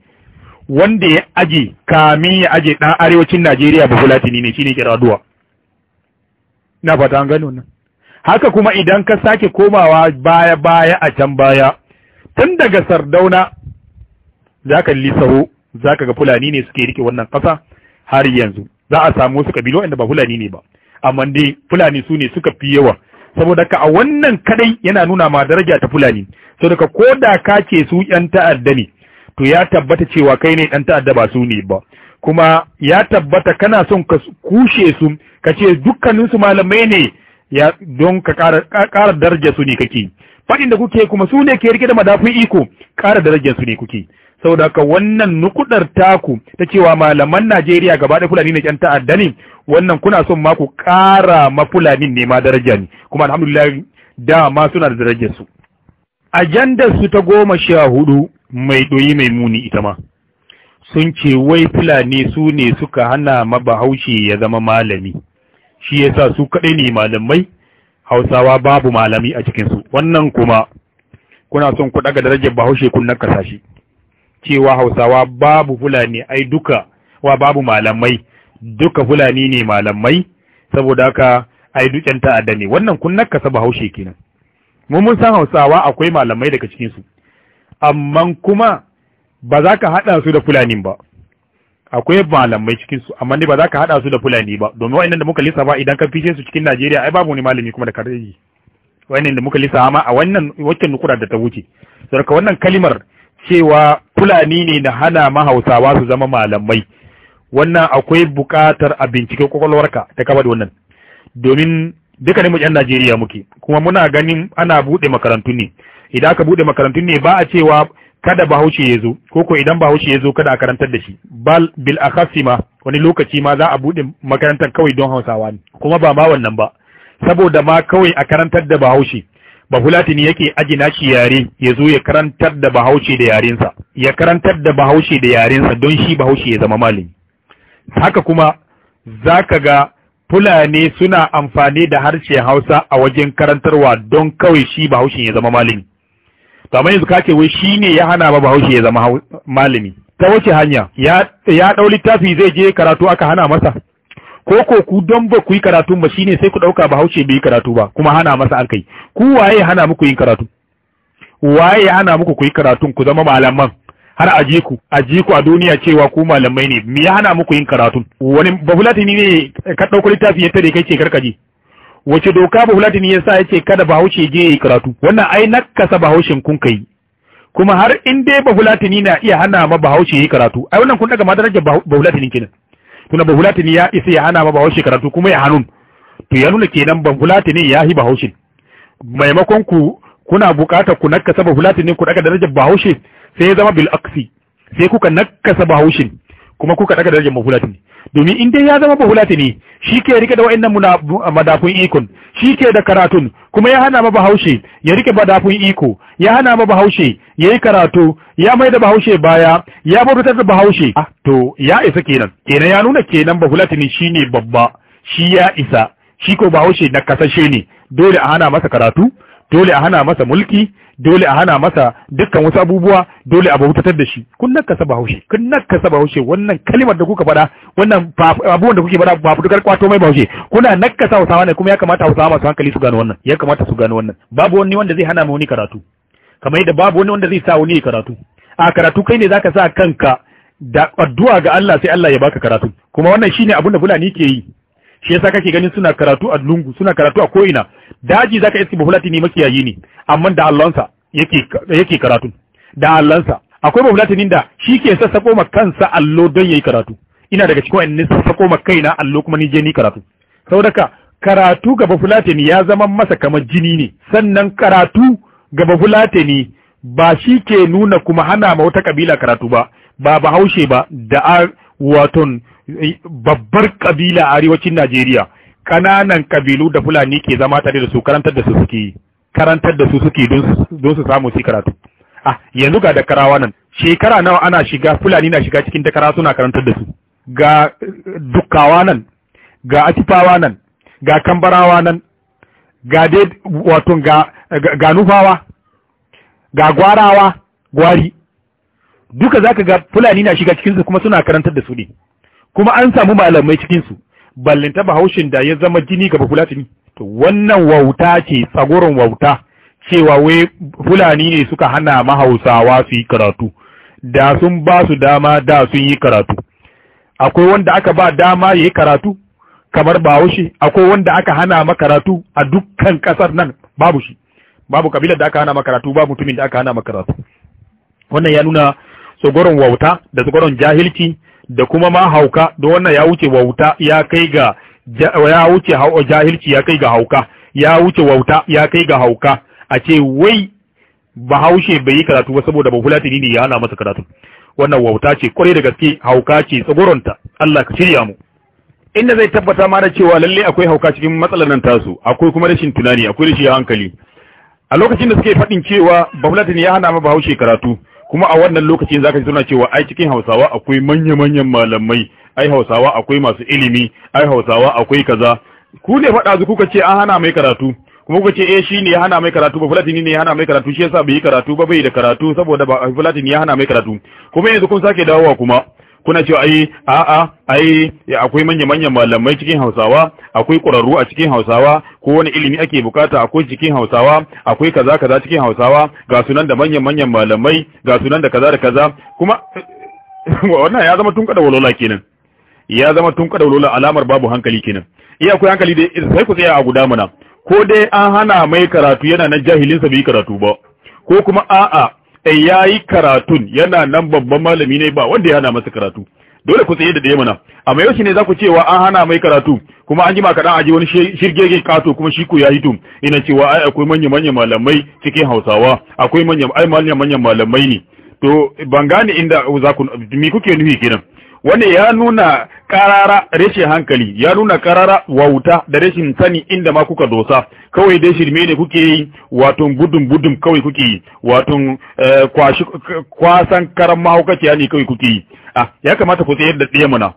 wanda ya aje kamin ya aje ɗan arewacin Najeriya ba fulatini ne shine kiraduwa na fata an gano nan haka kuma idan ka sake komawa baya baya a can baya tun daga sardauna za ka lissaho zaka ga fulani ne suke rike wannan ƙasa har yanzu za a samu wasu kabilu inda ba fulani ne ba amma dai fulani su ne suka fi yawa saboda ka a wannan kadai yana nuna ma daraja ta fulani saboda ka ko da ka ce su yan ta'adda ne to ya tabbata cewa kai ne dan ta'adda ba su ne ba kuma ya tabbata kana son ka kushe su ka ce dukkaninsu malamai ne don ka ƙara daraja su ne kake faɗin da kuke kuma su ne ke rike da madafun iko ƙara darajar su ne kuke saboda haka wannan nukudar taku ta cewa malaman Najeriya gaba da Fulani ne ƴan ta'adda ne wannan kuna son maku ƙara ma Fulani ne ma daraja ne kuma alhamdulillah da ma suna da darajar su ajanda su ta goma sha hudu mai ɗoyi mai muni ita ma sun ce wai Fulani su ne suka hana ma Bahaushe ya zama malami shi yasa su kaɗai ne malamai hausawa babu malami a cikinsu wannan kuma kuna son ku daga darajar bahaushe kun nakasa shi cewa hausawa babu fulani ai duka wa babu malamai duka fulani ne malamai saboda haka ai duken ta'adda ne wannan kun nakasa bahaushe kenan mun mun san hausawa akwai malamai daga cikinsu amma kuma ba za ka haɗa su da fulani ba akwai malamai cikin su amma ne ba za ka hada su da fulani ba domin wa'annan da muka ba idan ka fice su cikin Najeriya ai babu wani malami kuma da kareji wa'annan da muka lissafa ma a wannan wacce nukura da ta wuce ka wannan kalimar cewa fulani ne na hana hausawa su zama malamai wannan akwai bukatar a bincike kwakwalwarka ta kaba da wannan domin duka ne mu yan Najeriya muke kuma muna ganin ana buɗe makarantu ne idan aka buɗe makarantu ne ba a cewa kada bahaushe ya zo ko ko idan bahaushe ya zo kada a karantar da shi bal bil akhassi wani lokaci ma za a bude makarantar kawai don hausawa ne kuma ba ma wannan ba saboda ma kawai a karantar da bahaushe bahulati ne yake aji shi yare ya zo ya karantar da bahaushe da yarensa ya karantar da bahaushe da yarensa don shi bahaushe ya zama malami haka kuma zaka ga fulani suna amfani da harshen hausa a wajen karantarwa don kawai shi bahaushe ya zama malami kamar yanzu kake wai shi ne ya hana ba bahaushe ya zama malami ta wace hanya ya ɗau littafi zai je karatu aka hana masa ko ko ku don ba ku yi karatu ba shine sai ku ɗauka bahaushe bai yi karatu ba kuma hana masa alkai ku waye hana muku yin karatu waye hana muku ku yi karatun ku zama malaman har aje ku aje ku a duniya cewa ku malamai ne me ya hana muku yin karatu. wani bafulatini ne ka ɗauko littafi ya tare kai ce karkaje wace doka Bahulatani ya sa yace kada Bahaushe je yi karatu wannan ai nakasa Bahaushen kun kai kuma har in dai Bahulatani na iya hana ma Bahaushe yi karatu ai wannan kun daga madaraja Bahulatani kenan tuna Bahulatani ya isa ya hana ma Bahaushe karatu kuma ya hanun to ya nuna kenan Bahulatani ya hi Bahaushe maimakon ku kuna bukata ku nakasa Bahulatani ku daga darajar Bahaushe sai ya zama bil aksi sai kuka nakasa Bahaushe kuma kuka daga darajar Bahulatani domin in dai ya zama bahulatini ne shi ke rike da wa'annan madafun ikon shi ke da karatun kuma ya hana ma bahaushe ya rike madafun iko ya hana ma bahaushe ya yi karatu ya mai da bahaushe baya ya bautar da bahaushe ah, to ya isa kenan kenan ya nuna kenan bahulatini ne shi ne babba shi ya isa shi ko bahaushe na kasashe ne dole a hana masa karatu dole a hana masa mulki dole a hana masa dukkan wasu abubuwa dole a bautatar da shi kun nan saba bahaushe kun nan saba bahaushe wannan kalimar da kuka faɗa wannan abubuwan da kuke faɗa ba fudukar kwato mai bahaushe kuna nakasa hausawa ne kuma ya kamata hausawa masu hankali su gano wannan ya kamata su gano wannan babu wani wanda zai hana mu wani karatu kamar yadda babu wani wanda zai sa wani karatu a karatu kai ne zaka sa kanka da addu'a ga Allah sai Allah ya baka karatu kuma wannan shine abin da fulani ke yi shi yasa kake ganin suna karatu a lungu suna karatu a ko'ina daji zaka iske bafulatani makiyayi ne amma da Allahnsa yake yake karatu da Allahnsa akwai bafulatani da shi ke sassako ma kansa allo don yayi karatu ina daga cikin wa'annan sassako ma kaina allo kuma ni je ni karatu saboda karatu ga bafulatani ya zama masa kamar jini ne sannan karatu ga bafulatani ba shi ke nuna kuma hana ma wata kabila karatu ba ba bahaushe ba da waton eh, babbar kabila a arewacin Najeriya kananan kabilu da fulani ke zama tare da su karantar da su suke karantar da su suke don su samu su karatu ah yanzu ga dakarawa nan shekara nawa ana shiga fulani na shiga cikin dakara suna karantar da su ga dukkawa nan ga atifawa nan ga kambarawa nan ga dai wato ga ga nufawa ga gwarawa gwari duka zaka ga fulani na shiga cikin su kuma suna karantar da su ne kuma an samu malamai cikin su ballinta bahaushin da ya zama jini gaba fulatini to wannan wauta ce tsagoron wauta cewa wai fulani ne suka hana mahausawa su yi karatu da sun ba su dama da sun yi karatu akwai wanda aka ba dama ya yi karatu kamar bahaushe akwai wanda aka hana makaratu a dukkan kasar nan babu shi babu kabilar da aka hana makaratu babu mutumin da aka hana makaratu wannan ya nuna tsogoron wauta da tsogoron jahilci da kuma ma hauka da wannan ya wuce wauta ya kai ga ya wuce jahilci ya kai ga hauka ya wuce wauta ya kai ga hauka a ce wai bahaushe bai yi karatu ba saboda hula ne ya hana masa karatu wannan wauta ce kwarai da gaske hauka ce tsagoronta Allah ka shirya mu inda zai tabbata mana cewa lalle akwai hauka cikin matsalar nan tasu akwai kuma rashin tunani akwai rashin hankali a lokacin da suke faɗin cewa bahulatini ya hana ma haushe karatu kuma a wannan lokacin zaka ji suna cewa ai cikin Hausawa akwai manya-manyan malamai ai Hausawa akwai masu ilimi ai Hausawa akwai kaza ku ne faɗa zu kuka ce an hana mai karatu kuma kuka ce eh shine ya hana mai karatu ba Fulatini ne ya hana mai karatu shi yasa bai yi karatu ba bai da karatu saboda ba Fulatini ya hana mai karatu kuma yanzu kun sake dawowa kuma kuna cewa ai a'a ai akwai manya manyan malamai cikin Hausawa akwai ƙwararru a cikin Hausawa ko wani ilimi ake bukata akwai cikin Hausawa akwai kaza kaza cikin Hausawa ga sunan da manyan manyan malamai ga sunan da kaza da kaza kuma wannan ya zama tun kada walola kenan ya zama tun kada walola alamar babu hankali kenan iya akwai hankali dai sai ku tsaya a guda mana ko dai an hana mai karatu yana nan jahilinsa bai karatu ba ko kuma a'a ya yi karatun yana nan babban malami ne ba wanda ya hana masa karatu dole ku tsaye da mana amma yau ne za ku cewa an hana mai karatu kuma an ji jima kaɗan aji wani shirgegen kato kuma shi ku ya hito ina cewa ai akwai manya manya malamai cikin hausawa akwai manya ai manya manya malamai ne to ban gane inda za ku mi kuke nufi kenan wanda ya nuna karara rashin hankali ya nuna karara wauta da rashin sani inda ma kuka dosa kawai dai shirme ne kuke yi wato gudun gudun kawai kuke yi wato eh, kwasan karan mahaukaciya ne kawai kuke yi ah ya kamata ku tsayar da tsaye muna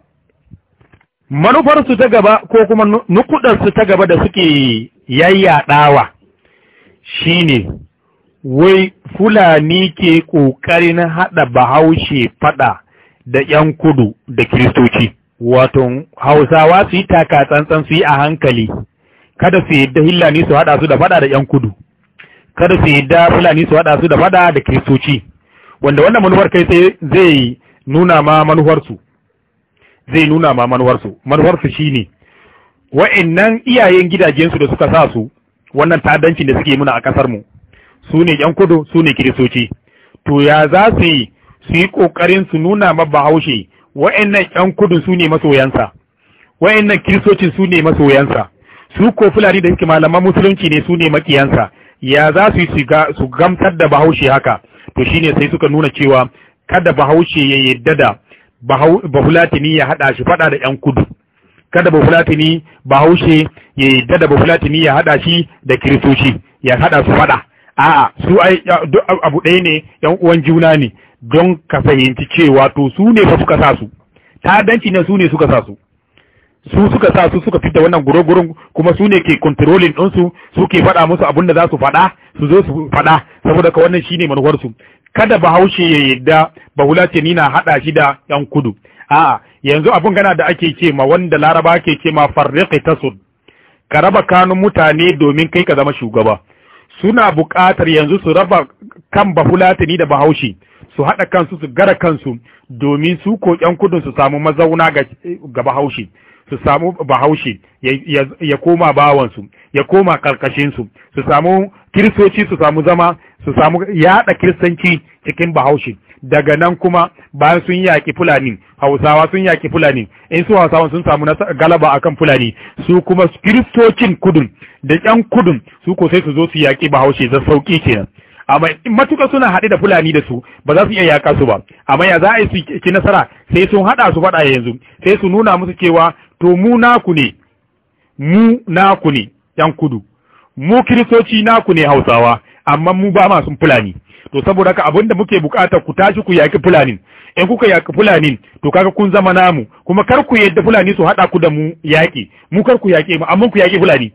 manufarsu ta gaba ko kuma nukudarsu ta gaba da suke yayyadawa shine wai fulani ke ƙoƙarin haɗa bahaushe fada. da ‘yan kudu da kiristoci, wato hausawa su yi taka tsantsan su yi a hankali, kada su yi da hillani su haɗa su da faɗa da ‘yan kudu, kada su yi da fulani su haɗa su da faɗa da kiristoci, wanda wannan manufar kai sai zai nuna ma manufarsu, zai nuna ma manufarsu, manufarsu shi ne, wa'innan iyayen gidajensu da suka sa su wannan ta'addancin da suke muna a ƙasarmu, su ne ‘yan kudu, su ne kiristoci, to ya za su yi su yi ƙoƙarin su nuna ma bahaushe wa'annan ƴan kudu su ne masoyansa wa'annan kiristocin su ne masoyansa su ko fulani da suke malaman musulunci ne su ne makiyansa ya za su yi su gamsar da bahaushe haka to shine sai suka nuna cewa kada bahaushe ya yadda da bafulatini ya haɗa shi faɗa da ƴan kudu kada bafulatini bahaushe ya yadda da bafulatini ya haɗa shi da kiristoci ya haɗa su faɗa a'a su ai duk abu ɗaya ne ƴan uwan juna ne don ka fahimci cewa to su ne fa suka sa su Ta danci ne su ne suka sa su su suka sa su suka fita wannan gurogurun kuma su ne ke controlling ɗinsu su ke faɗa musu abin da za su faɗa su zo su faɗa saboda ka wannan shine su. kada bahaushe ya yadda bahula ce ni na haɗa shi da yan kudu a'a yanzu abin gana da ake ce ma wanda laraba ake ce ma farriqi tasud ka raba kanun mutane domin kai ka zama shugaba suna buƙatar yanzu su raba kan ni da bahaushe su haɗa kansu su gara kansu domin su ko ƴan kudin su samu mazauna ga bahaushe su samu bahaushe ya koma bawansu ya koma karkashinsu su samu kiristoci su samu zama su samu yaɗa kiristanci cikin bahaushe daga nan kuma bayan sun yaƙi fulani hausawa sun yaƙi fulani in su hausawan sun samu galaba akan fulani su kuma kiristocin kudun da ƴan kudu su ko sai su zo su yaƙi bahaushe da sauƙi kenan amma matuƙa suna haɗe da fulani da su ba za su iya yaƙa su ba amma ya za a yi su nasara sai sun haɗa su faɗa yanzu sai su nuna musu cewa to mu naku ne mu naku ne yan kudu mu kiristoci naku ne hausawa amma mu ba ma sun fulani to saboda haka abin da muke bukata ku tashi ku yaƙi fulani in kuka yaƙi fulani to kaga kun zama namu kuma kar ku yadda fulani su haɗa ku da mu yaƙi mu kar ku yaki mu amma ku yaƙi fulani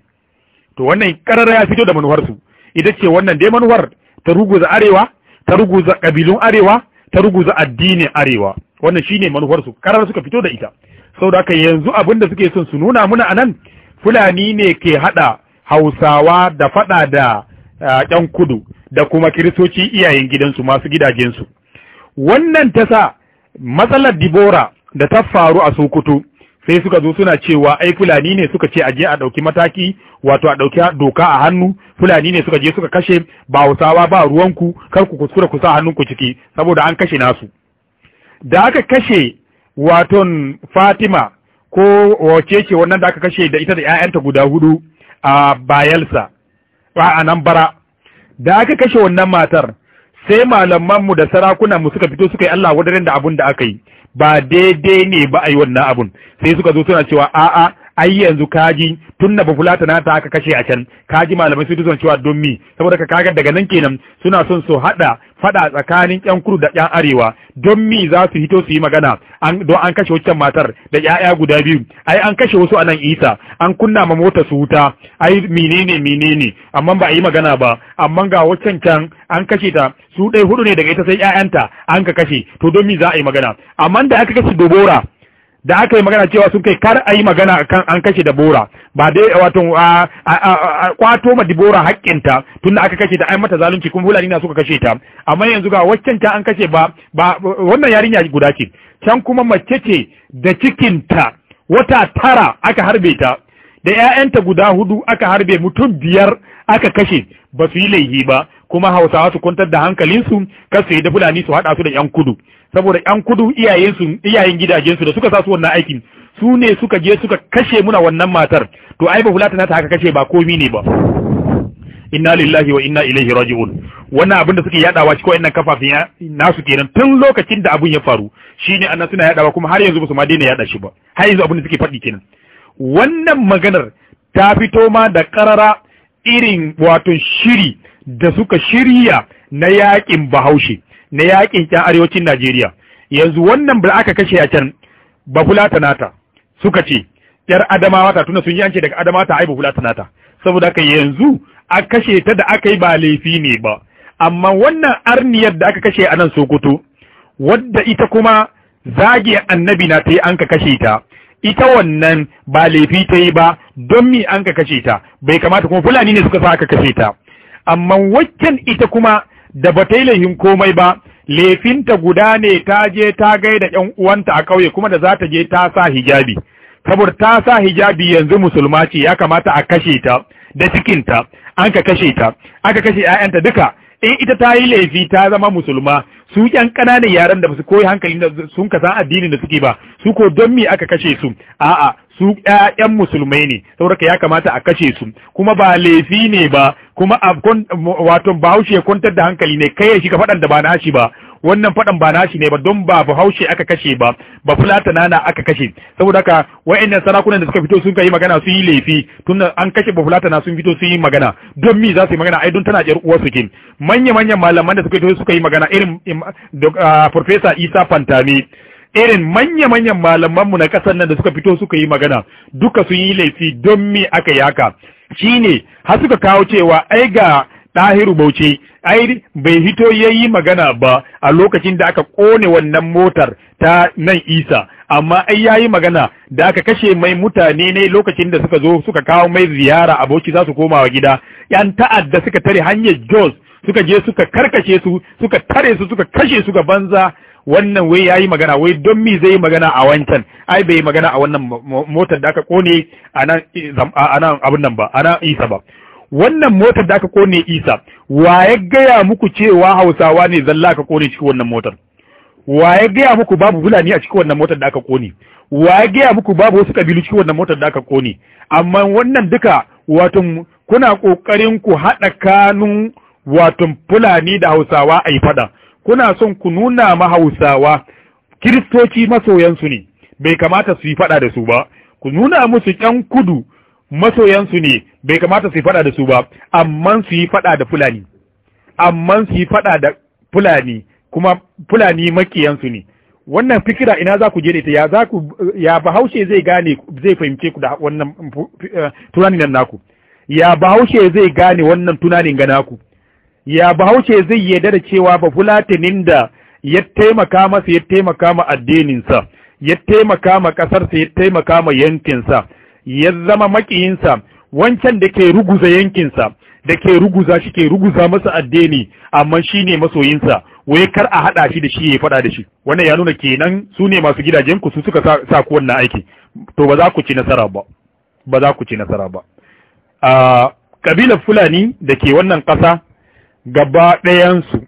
to wannan karara ya fito da manuwar su ita ce wannan dai manuwar ta ruguza arewa ta ruguza kabilun arewa ta ruguza addinin arewa wannan shine manufar su karar suka fito da ita saboda haka yanzu abin da suke son su nuna muna anan fulani ne ke haɗa hausawa da faɗa da yan eh, kudu da kuma kiristoci iyayen gidansu masu gidajensu wannan ta sa matsalar dibora da ta faru a sokoto sai suka zo suna cewa ai fulani ne suka ce aje a ɗauki mataki wato a ɗauki doka a hannu fulani ne suka je suka kashe ba hausawa ba ruwanku kar ku kuskura ku sa hannunku ciki saboda an kashe nasu da aka kashe waton fatima ko wace ce wannan da aka kashe da ita da 'ya'yanta guda hudu a bayelsa a nan bara da aka kashe wannan matar sai malamanmu da sarakunanmu suka fito suka yi Allah wadarin da abun da aka yi ba daidai ne ba a yi wannan abun sai suka zo suna cewa a'a ai yanzu kaji tun da bafulata na ta aka kashe a can kaji malamai su tuzon cewa don mi saboda ka kaga daga nan kenan suna son su hada fada tsakanin yan kudu da yan arewa don mi za su hito su yi magana don an kashe wancan matar da yaya guda biyu ai an kashe wasu a nan isa an kunna ma mota su wuta ai menene menene amma ba a yi magana ba amma ga wancan can an kashe ta su ɗaya hudu ne daga ita sai ƴaƴanta an ka kashe to don mi za a yi magana amma da aka kashe dobora da aka yi magana cewa sun kai kar a yi magana kan an kashe da bora ba dai wato a kwato ma dibora haƙƙinta tun da aka kashe ta an mata zalunci kuma fulani na suka kashe ta amma yanzu ga waccan ta an kashe ba ba wannan yarinya guda ce can kuma mace ce da cikinta wata tara aka harbe ta da ƴaƴanta guda hudu aka harbe mutum biyar aka kashe ba su yi laifi ba kuma hausawa su kwantar da hankalinsu kar su yi da fulani su haɗa su da ƴan kudu saboda yan kudu iyayensu iyayen gidajensu da suka sa su wannan aikin su ne suka je suka kashe muna wannan matar to ai ba hulata ta haka kashe ba komi ne ba inna lillahi wa inna ilaihi raji'un wannan abin da suke yadawa cikin wannan kafafin nasu kenan tun lokacin da abun ya faru shine annan suna yadawa kuma har yanzu ba su ma daina yada shi ba har yanzu abin da suke faɗi kenan wannan maganar ta fito ma da karara irin wato shiri da suka shirya na yakin bahaushe na yakin ƴan arewacin Najeriya yanzu wannan da aka kashe a can ba fulata nata suka ce yar adamawa ta tuna sun yi an ce daga adamawa ta aibu fulata nata saboda haka yanzu a kashe ta da aka yi ba laifi ne ba amma wannan arniyar da aka kashe a nan Sokoto wadda ita kuma zage annabi na ta yi an ka kashe ta ita wannan ba laifi ta yi ba don mi an ka kashe ta bai kamata kuma fulani ne suka sa aka kashe ta amma waccan ita kuma da ba ta yi laifin komai ba laifinta guda ne ta je ta gaida yan uwanta a ƙauye kuma da za ta je ta sa hijabi saboda ta sa hijabi yanzu musulma ce ya kamata a kashe ta da cikinta an ka kashe ta An ka kashe ‘ya'yanta duka in eh, ita ta yi laifi ta zama musulma su yan ƙananan yaren da ba su koyi hankali da sun ka san addinin da suke ba su ko don me aka kashe su a'a su ƴaƴan musulmai ne saboda ya kamata a kashe su kuma ba laifi ne ba kuma wato bahaushe ya kwantar da hankali ne kai shi ka faɗan da ba nashi ba wannan faɗan ba nashi ne ba don ba bahaushe aka kashe ba ba fulata na aka kashe saboda ka wa'annan sarakunan da suka fito sun yi magana sun yi laifi tunda an kashe ba na sun fito sun yi magana don mi za su yi magana ai don tana ƴar su ke manya manyan malaman da suka fito suka yi magana irin ah, professor Isa Fantami irin manya-manyan malamanmu na ƙasar nan da suka fito suka yi magana duka sun yi laifi don me aka yi haka shine har suka kawo cewa ai ga ɗahiru bauchi ai bai hito ya yi magana ba a lokacin da aka kone wannan motar ta nan isa amma ai ya yi magana da aka kashe mai mutane ne lokacin da suka zo suka kawo mai ziyara bauchi za su koma wa gida yan ta'adda suka tare hanyar jos suka je suka karkashe su suka tare su suka kashe su ga banza wannan wai yayi magana wai don mi zai magana a wancan ai bai magana a wannan motar da aka kone anan abin nan ba anan isa ba wannan motar da aka kone isa wa ya gaya muku cewa hausawa ne zalla aka kone cikin wannan motar wa ya gaya muku babu fulani a cikin wannan motar da aka kone wa ya gaya muku babu wasu kabilu cikin wannan motar da aka kone amma wannan duka wato kuna kokarin ku haɗa kanun wato fulani da hausawa a yi faɗa kuna son ku nuna mahausawa kiristoci masoyansu ne bai kamata su yi fada da su ba ku nuna musu ƴan kudu masoyansu ne bai kamata su yi fada da su ba amma su yi fada da fulani amma su yi fada da fulani kuma fulani makiyansu ne wannan fikira ina za ku je da ita ya za ku ya bahaushe zai gane zai fahimce ku da wannan eh, tunanin nan naku ya bahaushe zai gane wannan tunanin ga naku ya bahaushe zai yarda da cewa ba fulatinin da ya taimaka masa ya taimaka ma addininsa ya taimaka ma ƙasarsa ya taimaka ma yankinsa ya zama maƙiyinsa wancan da ke ruguza yankinsa da ke ruguza shi ke ruguza masa addini amma shi ne masoyinsa wai kar a haɗa shi da shi ya faɗa da shi wannan ya nuna kenan su ne masu gidajen ku su suka sa ku wannan aiki to ba za ku ci nasara ba ba za ku ci nasara ba a ah, kabilar fulani da ke wannan ƙasa gaba ɗayansu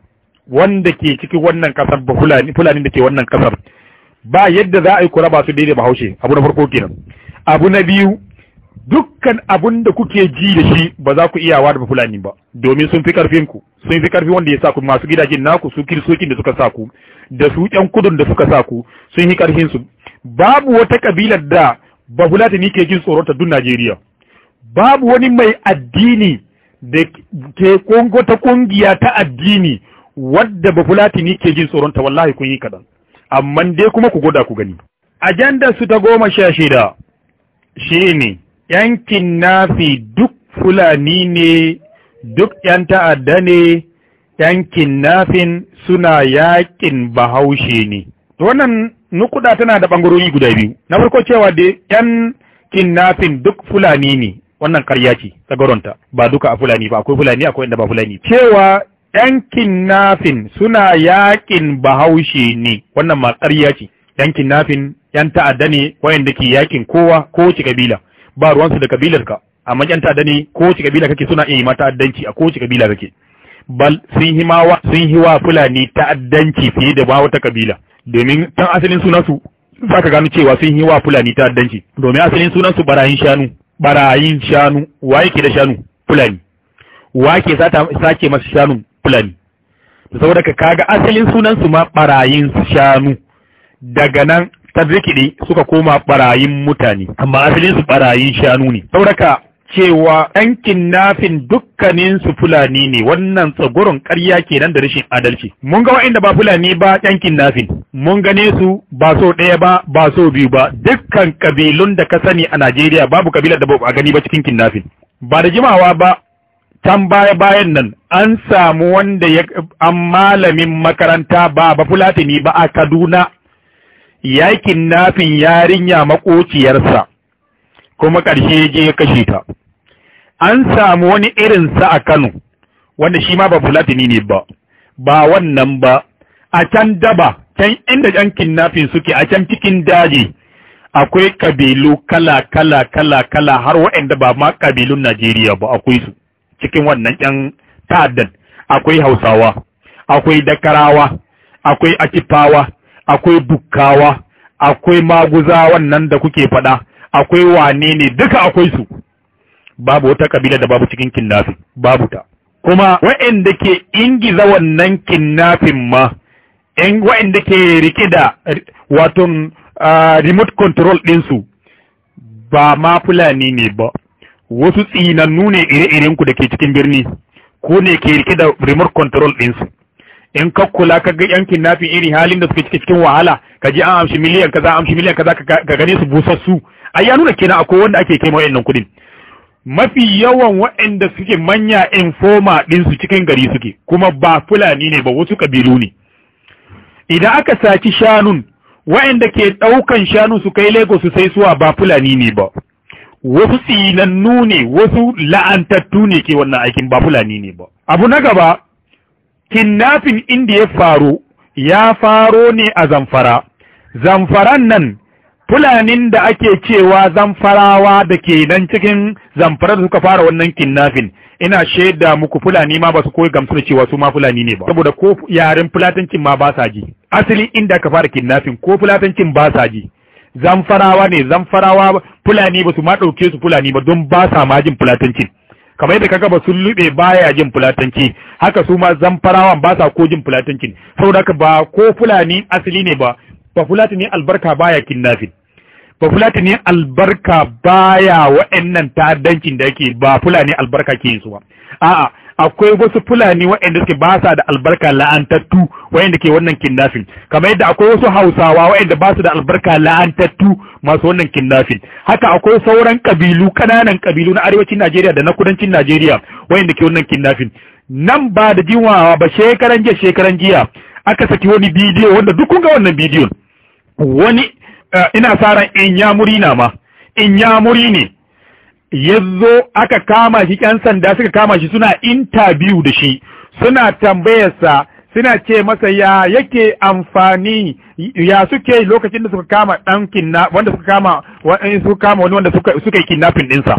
wanda ke ciki wannan ƙasar ba fulani da ke wannan ƙasar ba yadda za a yi kura ba su daidai ba haushe abu na farko kenan abu na biyu dukkan abun da kuke ji da shi ba za ku iyawa da fulani ba domin sun fi karfin ku sun fi karfi wanda ya sa ku masu gidajen naku su kirsokin da suka sa ku da su ƴan kudun da suka sa ku sun yi karfin su babu wata kabilar da ba fulani ke jin tsoron ta duk Najeriya babu wani mai addini da ke ta kungiya ta addini wadda bafulatini ke jin tsoron ta wallahi kun yi kaɗan amma dai kuma ku goda ku gani ajandar su ta goma sha shida shi ne yankin nafi duk fulani ne duk ‘yan ta'adda ne yankin nafin suna yakin bahaushe ne wannan nukuda tana da ɓangarori guda biyu na farko cewa da ‘yan kinnafin duk fulani ne wannan karya ce tsagaronta ba duka a fulani ba akwai fulani akwai inda ba fulani cewa yankin nafin suna yakin bahaushe ne wannan ma karya ce yankin nafin yan ta'adda ne wayanda ke yakin kowa ko wace kabila ba ruwansu da kabilar ka amma yan ta'adda ne ko wace kabila kake suna iya yi ma ta'addanci a ko wace kabila kake bal sun yi ma sun yi wa fulani ta'addanci fiye da ba wata kabila domin tan asalin sunan su zaka gano cewa sun yi wa fulani ta'addanci domin asalin sunan su barayin shanu barayin shanu wa yake da shanu fulani wa ke sake masu shanu fulani da saboda ka kaga asalin sunan su ma barayin shanu daga nan ta suka koma barayin mutane amma asalin su barayin shanu ne saboda cewa ɗankin nafin dukkanin su fulani ne wannan tsagurin ƙarya kenan da rashin adalci mun ga wa'inda ba fulani ba ɗankin nafin mun gane su ba so ɗaya ba ba so biyu ba dukkan kabilun da ka sani a Najeriya babu kabilar da ba a gani ba cikin kinnafin ba da jimawa ba can baya bayan nan an samu wanda ya an malamin makaranta ba ba fulatini ba a Kaduna yakin nafin yarinya makociyarsa kuma ƙarshe ya je ya kashe ta an samu wani irin sa a Kano wanda shi ma ba fulatini ne ba ba wannan ba a can daba can inda yan kinnafin suke a can cikin daji akwai kabilu kala kala kala kala har waɗanda ba ma kabilun Najeriya ba akwai su cikin wannan yan ta'addan akwai Hausawa akwai Dakarawa akwai Akifawa akwai Bukkawa akwai Maguza wannan da kuke faɗa akwai wane ne duka akwai su babu wata kabila da babu cikin kinnafi babu ta kuma wa'anda ke ingiza wannan kinnafin ma in wa'anda ke rike da wato remote control ɗinsu ba ma fulani ne ba wasu tsinannu ne ire-irenku da ke cikin birni ko ne ke rike da remote control ɗinsu in ka kula ka ga yankin kinnafin iri halin da suke cikin wahala ka ji an amshi miliyan kaza an amshi miliyan kaza ka gane su busassu ai ya nuna kenan akwai wanda ake kai ma wayannan kudin mafi yawan waɗanda suke manya informa su cikin gari suke kuma ba fulani ne ba wasu ƙabilu ne idan aka saci shanun waɗanda ke ɗaukan shanu su kai lagos su sai suwa ba fulani ne ba wasu tsinannu ne wasu la'antattu ne ke wannan aikin ba fulani ne ba abu na gaba kidnapping inda ya faro ya faro ne a zamfara zamfaran nan fulanin da ake cewa zamfarawa da ke nan cikin zamfarar da suka fara wannan kinnafin ina shaida muku fulani ma ba su koyi gamsu da cewa su ma fulani ne ba saboda ko yaren fulatancin ma ba sa ji asali inda ka fara kinnafin ko fulatancin ba sa ji zamfarawa ne zamfarawa fulani ba su ma ɗauke su fulani ba don ba sa ma jin fulatancin kamar yadda kaga ba sun lube baya jin fulatanci haka su ma zamfarawan ba sa ko jin fulatancin saboda ka ba ko fulani asali ne ba bafulati ne albarka baya kinnafin bafulati ne albarka baya wa'annan ta'addancin da yake ba fulani albarka ke su ba a'a akwai wasu fulani wa'anda suke ba sa da albarka la'antattu wa'anda ke wannan kinnafin kamar yadda akwai wasu hausawa wa'anda ba su da albarka la'antattu masu wannan kinnafin haka akwai sauran kabilu kananan kabilu na arewacin Najeriya da na kudancin Najeriya wa'anda ke wannan kinnafin nan ba da jimawa ba shekaran jiya shekaran jiya aka saki wani bidiyo wanda duk ga wannan bidiyon wani eh, ina sa ran in muri na ma in muri ne yazo aka kama shi ƴan sanda suka kama shi suna interview da shi suna tambayarsa suna ce masa ya yake amfani ya suke lokacin da suka kama ɗan kinna wanda suka kama eh, wani wanda suka suka yi kidnapping dinsa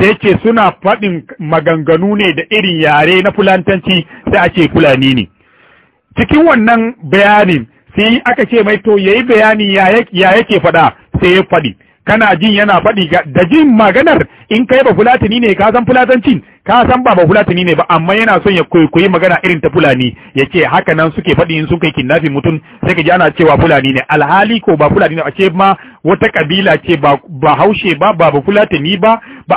sai ce suna faɗin maganganu ne da irin yare na fulantanci sai a ce fulani ne cikin wannan bayanin sai aka ce mai to yayi bayani ya yake faɗa sai ya faɗi kana jin yana faɗi da jin maganar in kai ba fulatani ne ka san fulatancin ka san ba ba fulatani ne ba amma yana son ya koyi magana irin ta fulani ya ce haka nan suke faɗi in sun kai kinnafin mutum sai ka ji ana cewa fulani ne alhali ko ba fulani ne a ce ma wata kabila ce ba haushe ba ba ba fulatani ba ba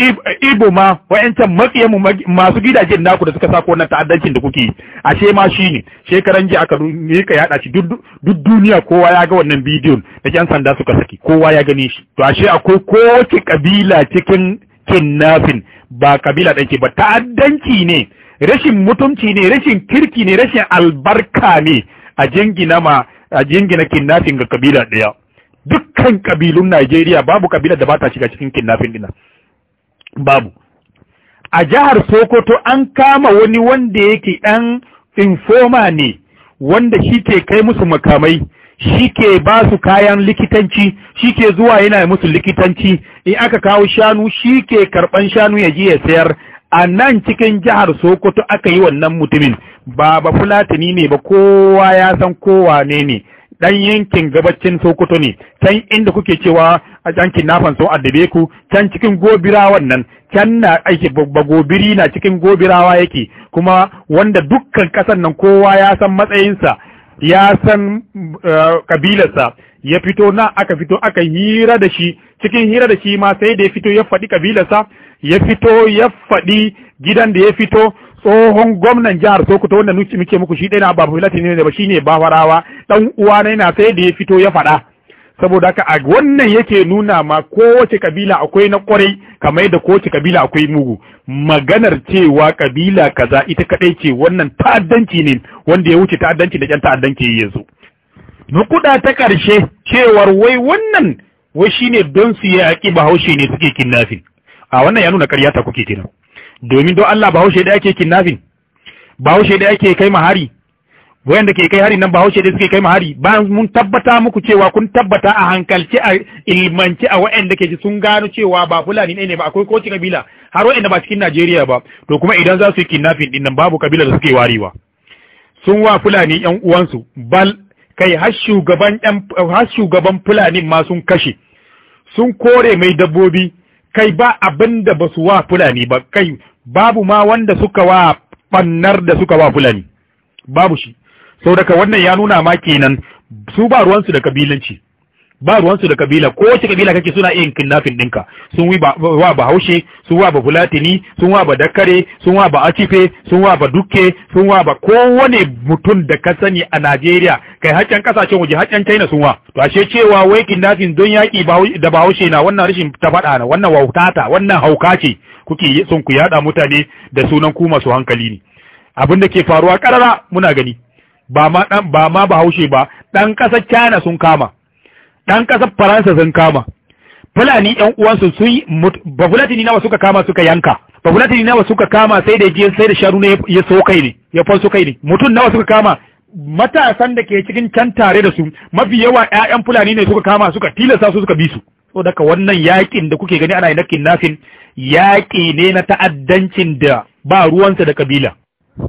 a ibo ma wayancan matsiyan mu masu gidajen naku da suka sako wannan ta'addancin da kuke ashe ma shine shekaran ji aka ne ka yada shi duk duniya kowa ya ga wannan bidiyon da yan sanda suka saki kowa ya gane shi to ashe akwai kowace kabila cikin kinnafin ba kabila ɗanke ba ta'addanci ne rashin mutunci ne rashin kirki ne rashin albarka ne a jingina ma a jingina kinnafin ga kabila daya kan kabilun Najeriya babu kabilar da ba ta shiga cikin kidnapping dinan babu a jihar Sokoto an kama wani wanda yake dan informa ne wanda shi ke kai musu makamai shi ke ba su kayan likitanci shi ke zuwa yana musu likitanci in aka kawo shanu shi ke karɓan shanu ya ji ya sayar a nan cikin jihar Sokoto aka yi wannan mutumin ba ba fulatani ne ba kowa ya san kowa ne ne dan yankin gabacin Sokoto ne can inda kuke cewa a yankin nafan sun addabe ku can cikin gobirawan nan can na aiki babba gobiri na cikin gobirawa yake kuma wanda dukkan kasan nan kowa ya san matsayinsa ya san eh, kabilarsa ya fito na aka fito aka hira da shi cikin hira da shi ma sai da ya fito ya faɗi kabilarsa ya fito ya faɗi gidan da ya fito tsohon gwamnan jihar Sokoto wanda muke muku shi ɗaya ba ba filati ne ba shine ba farawa dan uwa na yana sai da ya fito ya faɗa saboda haka a wannan yake nuna ma kowace kabila akwai na kwarai kamar yadda kowace kabila akwai mugu maganar cewa kabila kaza ita kadai ce wannan ta'addanci ne wanda ya wuce ta'addanci da ƴan ta'addanci yanzu nukuda ta karshe cewar wai wannan wai shine don su yaƙi bahaushe ne suke kinnafin a wannan ya nuna ƙarya ta kuke kenan domin don Allah bahaushe da ake ba bahaushe da ake kai mahari wayanda ke kai hari nan bahaushe da suke kai mahari bayan mun tabbata muku cewa kun tabbata a hankalci a ilmanci a wayanda ke ji sun gano cewa ba fulani ne ne ba akwai koci kabila har wayanda ba cikin Najeriya ba to kuma idan za su yi kinnafin din nan babu kabila da suke warewa sun wa fulani yan uwansu bal kai har shugaban har shugaban fulani ma sun kashe sun kore mai dabbobi kai ba abin da ba su wa fulani ba kai babu ma wanda suka wa bannar da suka wa fulani babu shi sau daga wannan ya nuna ma kenan su ba ruwansu da kabilanci ba ruwansu da kabila ko wace kabila kake suna yin kidnapping ɗinka sun wa ba haushe sun wa ba fulatini sun wa ba dakare sun wa ba acife sun wa ba dukke sun wa ba kowane mutum da ka sani a Najeriya kai haƙƙin kasashen waje haƙƙin China sun wa to ashe cewa wai kidnapping don yaki da ba haushe na wannan rashin ta faɗa na wannan wautata wannan hauka ce kuke son ku yada mutane da sunan ku masu hankali ne abin da ke faruwa karara muna gani ba ma ba haushe ba ɗan ƙasar China sun kama ɗan ƙasar faransa sun kama fulani ƴan uwansu sun yi ni nawa suka kama suka yanka ni nawa suka kama sai da jiya sai da sharu ne ya so kai ne ya fanso kai ne mutum nawa suka kama matasan da ke cikin can tare da su mafi yawa ƴaƴan fulani ne suka kama suka tilasta su suka bi su so daga wannan yaƙin da kuke gani ana na nafin yaƙi ne na ta'addancin da ba ruwansa da kabila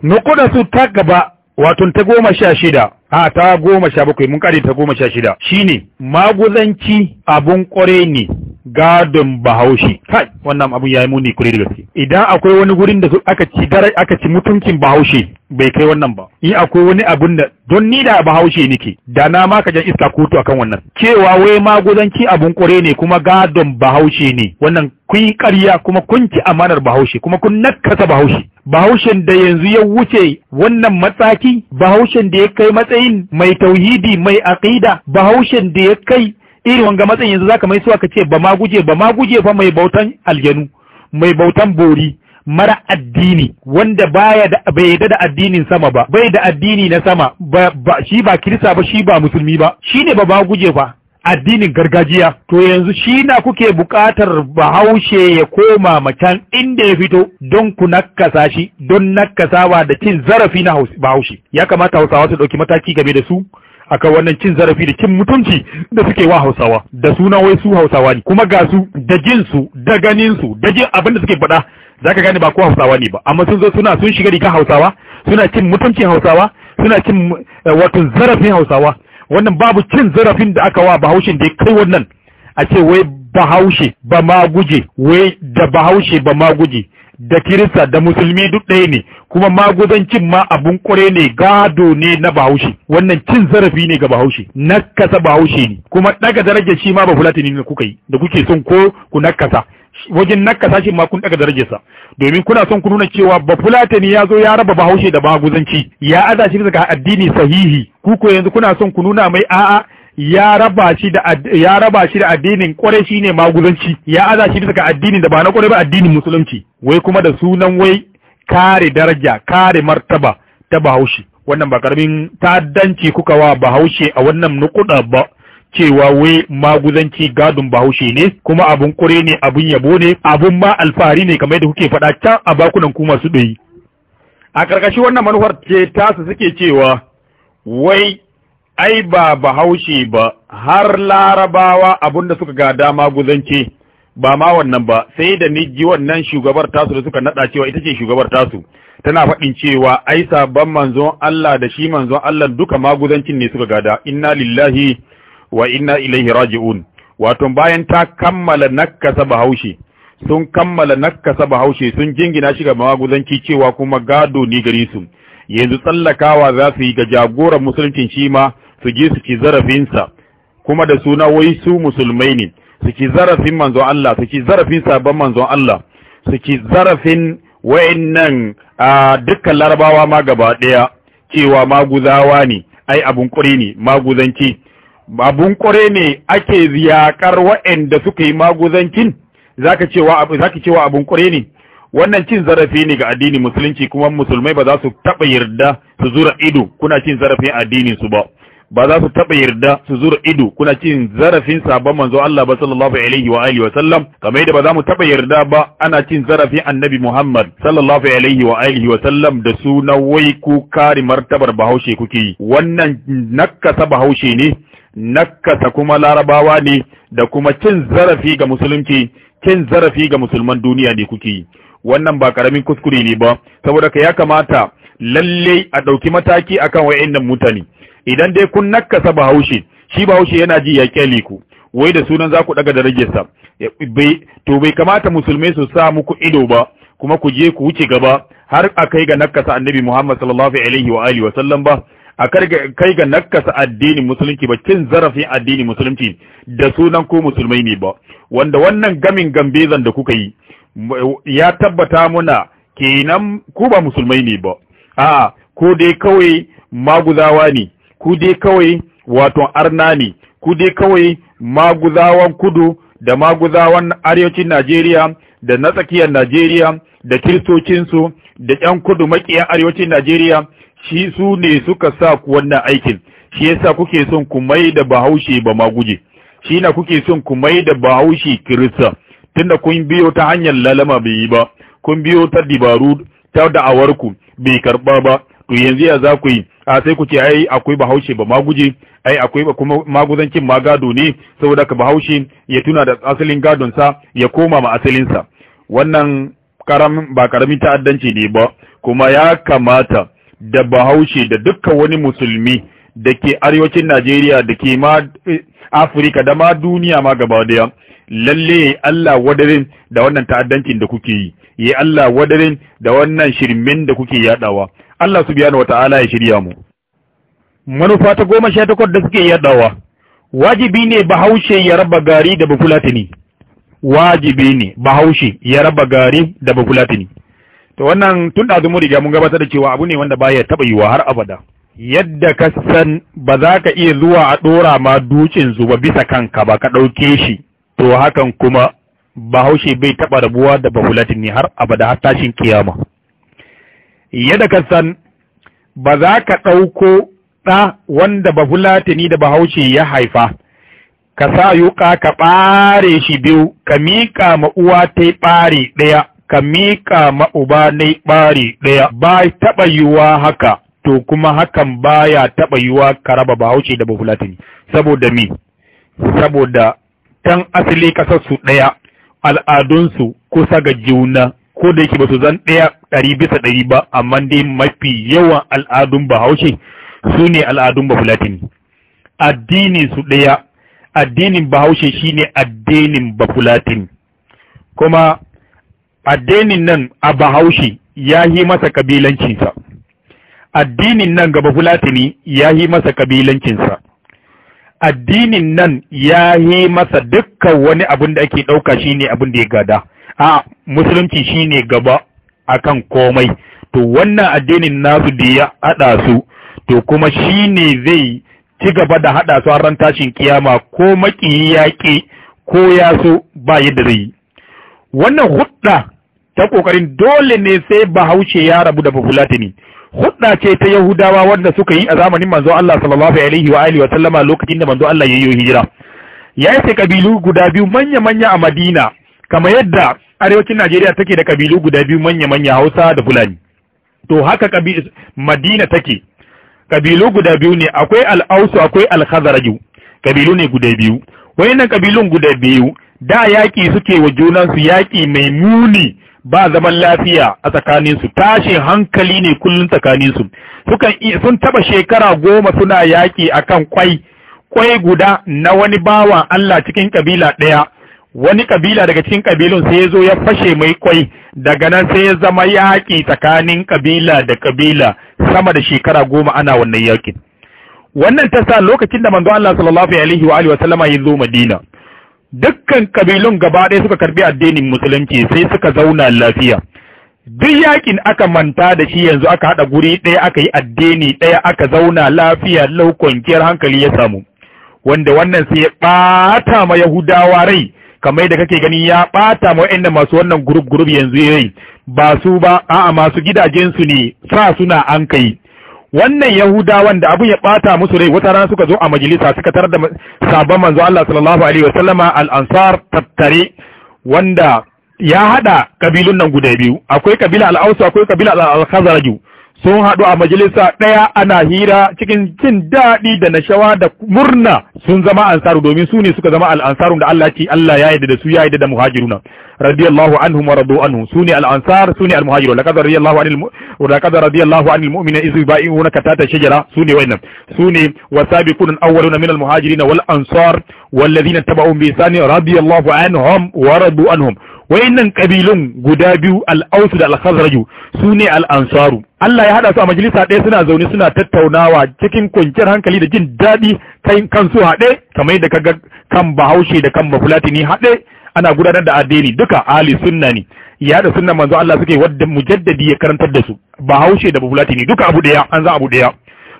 nukuda su ta gaba wato ta goma sha shida a ta goma sha bakwai mun kare ta goma sha shida shine maguzanci abun ƙware ne gadon bahaushe kai wannan abun yayi muni kure da gaske idan akwai wani gurin da aka ci aka ci mutuncin bahaushe bai kai wannan ba in akwai wani abun da don ni da bahaushe nake da na ma ka jan iska kotu akan wannan cewa wai gudanci abun kure ne kuma gadon bahaushe ne wannan kun yi ƙarya kuma kun ci amanar bahaushe kuma kun nakasa bahaushe bahaushen da yanzu ya wuce wannan matsaki bahaushen da ya kai matsayin mai tauhidi mai aqida bahaushen da ya kai irin wanga matsayin yanzu zaka mai suwa ka ce ba ma guje ba ma guje fa mai bautan aljanu mai bautan bori mara addini wanda baya da bai yadda da addinin sama ba bai da addini na sama ba, shi ba kirista ba shi ba musulmi ba shine ba ma guje fa addinin gargajiya to yanzu shi na kuke buƙatar bahaushe ya koma macan inda ya fito don ku nakasa shi don nakasawa da cin zarafi na bahaushe ya kamata hausawa su ɗauki mataki game da su akan wannan cin zarafi da cin mutunci da suke wa Hausawa da suna wai su Hausawa ne kuma ga su da jin su da ganin su da jin abin da suke faɗa zaka gane ba ko Hausawa ne ba amma sun zo suna sun shiga riga Hausawa suna cin mutuncin Hausawa suna cin eh, wato zarafin Hausawa wannan babu cin zarafin da aka wa Bahaushe da ya kai wannan a ce wai Bahaushe ba ma wai da Bahaushe ba ma guje da kirista da musulmi duk ɗaya ne kuma maguzancin ma abun kure ne gado ne na bahaushe wannan cin zarafi ne ga bahaushe nakasa bahaushe ne kuma ɗaga daraja shi ma ba fulatini ne kuka yi da kuke son ko ku nakasa wajen nakasa shi ma kun daga darajarsa domin kuna son ku nuna cewa ba ya zo ya raba bahaushe da maguzanci ya aza shi daga addini sahihi ku ko yanzu kuna son ku nuna mai a'a ya raba shi da ya raba shi da addinin kwarai shine maguzanci ya aza shi daga addinin da ba na kwarai ba addinin musulunci wai kuma da sunan wai kare daraja kare martaba ta bahaushe wannan ba karamin ta'addanci kuka wa bahaushe a wannan nukuda ba cewa wai maguzanci gadon bahaushe ne kuma abun kure ne abun yabo ne abun ma alfahari ne kamar da kuke faɗa can a bakunan kuma masu ɗoyi a ƙarƙashin wannan manufar ce tasu suke cewa wai ai ba bahaushe ba har larabawa abinda suka ga dama guzanci ba ma wannan ba sai da niji wannan shugabar tasu da suka nada cewa ita ce shugabar tasu tana faɗin cewa ai sabon manzon Allah da shi manzon Allah duka maguzancin ne suka gada inna lillahi wa inna ilaihi raji'un wato bayan ta kammala nakasa bahaushe sun kammala nakasa bahaushe sun jingina shi ga maguzanci cewa kuma gado ni gare su yanzu tsallakawa za su yi ga jagoran musulunci shi ma su je su ci zarafinsa kuma da suna wai su musulmai ne su ci zarafin manzon Allah su ci zarafin sabon manzon Allah su ci zarafin wayannan a dukkan larabawa ma gaba daya cewa maguzawa ne ai abun kure ne maguzanci abun kure ne ake ziyakar wayanda suka yi maguzancin zaka cewa zaka cewa abun kure ne wannan cin zarafi ne ga addini musulunci kuma musulmai ba za su taba yarda su zura ido kuna cin zarafin addinin su ba ba za su taba yarda su zura ido kuna cin zarafin sabon manzo Allah ba sallallahu alaihi wa alihi wa sallam kamar yadda ba za mu taba yarda ba ana cin zarafin annabi Muhammad sallallahu alaihi wa alihi wa sallam da suna wai ku kare martabar Bahaushe kuke yi wannan nakasa Bahaushe ne nakasa kuma Larabawa ne da kuma cin zarafi ga musulunci cin zarafi ga musulman duniya ne kuke yi wannan ba karamin kuskure ne ba saboda ka ya kamata lalle a ɗauki mataki akan wa'annan mutane idan dai kun nakasa bahaushe shi bahaushe yana ji ya kyale ku wai da sunan za ku daga darajarsa to bai kamata musulmai su sa muku ido ba kuma ku je ku wuce gaba har a kai ga nakasa annabi Muhammad sallallahu alaihi wa alihi wa sallam ba a kai ga nakasa addinin musulunci ba cin zarafin addinin musulunci da sunan ko musulmai ne ba wanda wannan gamin gambezan da kuka yi ya tabbata muna kenan ku ba musulmai ne ba a'a ko dai kawai maguzawa ne ku dai kawai wato arna ne ku dai kawai maguzawan kudu da maguzawan arewacin Najeriya da na tsakiyar Najeriya da kiristocinsu da yan kudu makiyan arewacin Najeriya shi su ne suka sa ku wannan aikin shi yasa kuke son ku mai da bahaushe ba maguje shi na kuke son ku mai da bahaushe kirista tunda kun biyo ta hanyar lalama bai yi ba kun biyo ta dibaru ta da'awarku bai karɓa ba to yanzu ya za ku yi a sai ku ce ai akwai bahaushe ba maguje ai akwai kuma maguzancin ma gado ne saboda ka bahaushe ya tuna da asalin gadonsa ya koma ma asalinsa wannan karam ba karamin ta'addanci ne ba kuma ya kamata da bahaushe da dukkan wani musulmi da ke arewacin Najeriya da ke ma eh, Afirka da ma duniya ma gaba daya lalle Allah wadarin da wannan ta'addancin da kuke yi ya Allah wadarin da wannan shirmin da kuke yadawa Allah su subhanahu wataala ya shirya mu manufa ta goma sha takwas da suke yadawa wajibi ne bahaushe ya raba gari da bafulatini wajibi ne bahaushe ya raba gari da bafulatini to wannan tun da mun riga mun gabatar da cewa abu ne wanda baya taba yiwa har abada yadda ka san ba za ka iya zuwa a ɗora ma dukin zuba bisa kanka ba ka ɗauke shi to hakan kuma bahaushe bai taɓa rabuwa da bafulatini har abada har tashin kiyama yadda ka san ba za ka ɗauko ɗa wanda ba fulatini da bahaushe ya haifa ka sa yuka ka ɓare shi biyu ka miƙa ma uwa yi ɓare ɗaya ka miƙa ma uba yi ɓare ɗaya ba taɓa yiwuwa haka to kuma hakan ba ya taɓa yiwuwa ka raba bahaushe da fulatini, saboda mi, saboda tan asali ƙasarsu ɗaya al'adunsu kusa ga juna ko da yake ba su zan ɗaya ɗari bisa ɗari ba amma dai mafi yawan al'adun bahaushe su ne al'adun bafulatini. addinin su ɗaya addinin bahaushe shi ne addinin bafulatini kuma addinin nan a bahaushe ya yi masa kabilancinsa addinin nan ga fulatini ya yi masa kabilancinsa addinin nan ya yi masa dukkan wani abin da ake ɗauka shi ne abin da ya gada a musulunci shine gaba akan komai to wannan addinin nasu da ya haɗa su to kuma shi ne zai ci gaba da haɗa su har tashin kiyama ko maki yaƙi ko ya so ba yadda zai yi wannan hudda ta kokarin dole ne sai bahaushe ya rabu da bafulatini hudda ce ta yahudawa wanda suka yi a zamanin manzo Allah sallallahu alaihi wa alihi wa sallama lokacin da manzo Allah yayi hijira ya yi kabilu guda biyu manya manya a Madina kamar yadda arewacin Najeriya take da kabilu guda biyu manya-manya Hausa da Fulani to haka kabilu Madina take kabilu guda biyu ne akwai al akwai al kabilu ne guda biyu wayannan kabilun guda biyu da yaƙi suke wa junan su yaki mai muni ba zaman lafiya a tsakaninsu su tashin hankali ne kullum tsakaninsu, su sukan sun taba shekara goma suna yaki akan kwai kwai guda na wani bawan Allah cikin kabila ɗaya wani kabila daga cikin kabilun sai ya zo ya fashe mai kwai daga nan sai ya zama yaƙi tsakanin kabila da kabila sama da shekara goma ana wannan yaƙin wannan ta sa lokacin da manzo Allah sallallahu alaihi wa alihi wa sallama ya zo Madina dukkan kabilun gaba ɗaya suka karbi addinin musulunci sai suka zauna lafiya duk yaƙin aka manta da shi yanzu aka haɗa guri ɗaya aka yi addini ɗaya aka zauna lafiya lau kwanciyar hankali ya samu wanda wannan sai ya ɓata ma yahudawa rai kamar da kake gani ya ɓata ma wa'annan masu wannan group group yanzu yayi ba su ba a'a masu gidajen su ne sa suna an kai wannan yahudawan da abun ya ɓata musu rai wata rana suka zo a majalisa suka tarar da sabon manzo Allah sallallahu alaihi sallama al-ansar tattare wanda ya hada kabilun nan guda biyu akwai kabila al-aus akwai kabila al-khazraju sun haɗu a majalisa ɗaya ana hira cikin jin daɗi da nashawa da murna sun zama ansaru domin su ne suka zama al'ansaru da Allah ce Allah ya yarda da su ya yarda da muhajiruna radiyallahu anhum wa radu anhu sune al-ansar sune al-muhajirun laqad radiyallahu anil laqad radiyallahu anil mu'mina iz yubai'unaka tata shajara sune wayannan sune wasabiqun awwaluna min al-muhajirin wal ansar walladhina tabauhum bi ihsan radiyallahu anhum wa radu anhum wayannan kabilun guda biyu al-aus da al-khazraj al-ansaru Allah ya hada su a majalisa ɗaya suna zaune suna tattaunawa cikin kwanciyar hankali da jin daɗi kan su haɗe kamar yadda ga kan bahaushe da kan bafulatini haɗe ana gudanar da addini duka ahli sunna ne ya da sunna manzo Allah suke wadda mujaddadi ya karantar da su ba haushe da bubulati ne duka abu daya an za abu daya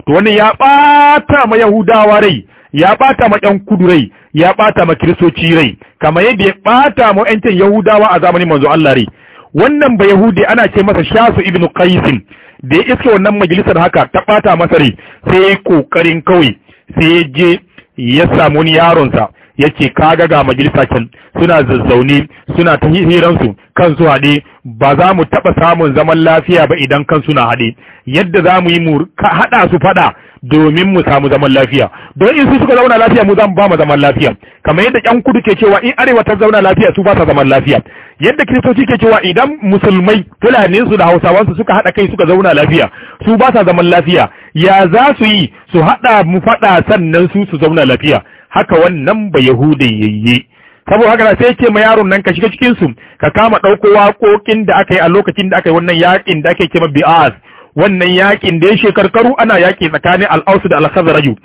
to wannan ya bata ma yahudawa rai ya bata ma yan kudu rai ya bata ma kiristoci rai kamar yadda ya bata ma yancin yahudawa a zamanin manzo Allah rai wannan ba yahudi ana ce masa shasu ibn qais da ya iske wannan majalisar haka ta bata masa rai sai kokarin kawai sai je ya samu yaron sa yake kaga ga majalisa can suna zazzauni suna ta hiransu su haɗe ba za mu taɓa samun zaman lafiya ba idan kansu na haɗe yadda za mu yi mu haɗa su faɗa domin mu samu zaman lafiya don in su suka zauna lafiya mu za mu ba mu zaman lafiya kamar yadda ƴan kudu ke cewa in arewa ta zauna lafiya su ba ta zaman lafiya yadda kiristoci ke cewa idan musulmai fulanin su da hausawan su suka haɗa kai suka zauna lafiya su ba ta zaman lafiya ya za su yi su haɗa mu faɗa sannan su su zauna lafiya haka wannan ba yahuda yayye saboda haka sai ce ma yaron nan ka shiga cikin su ka kama dauko waƙoƙin da aka yi a lokacin da aka yi wannan yaƙin da ake kema bi'as wannan yaƙin. da ya shekarkaru ana yaƙi tsakanin al-ausu da al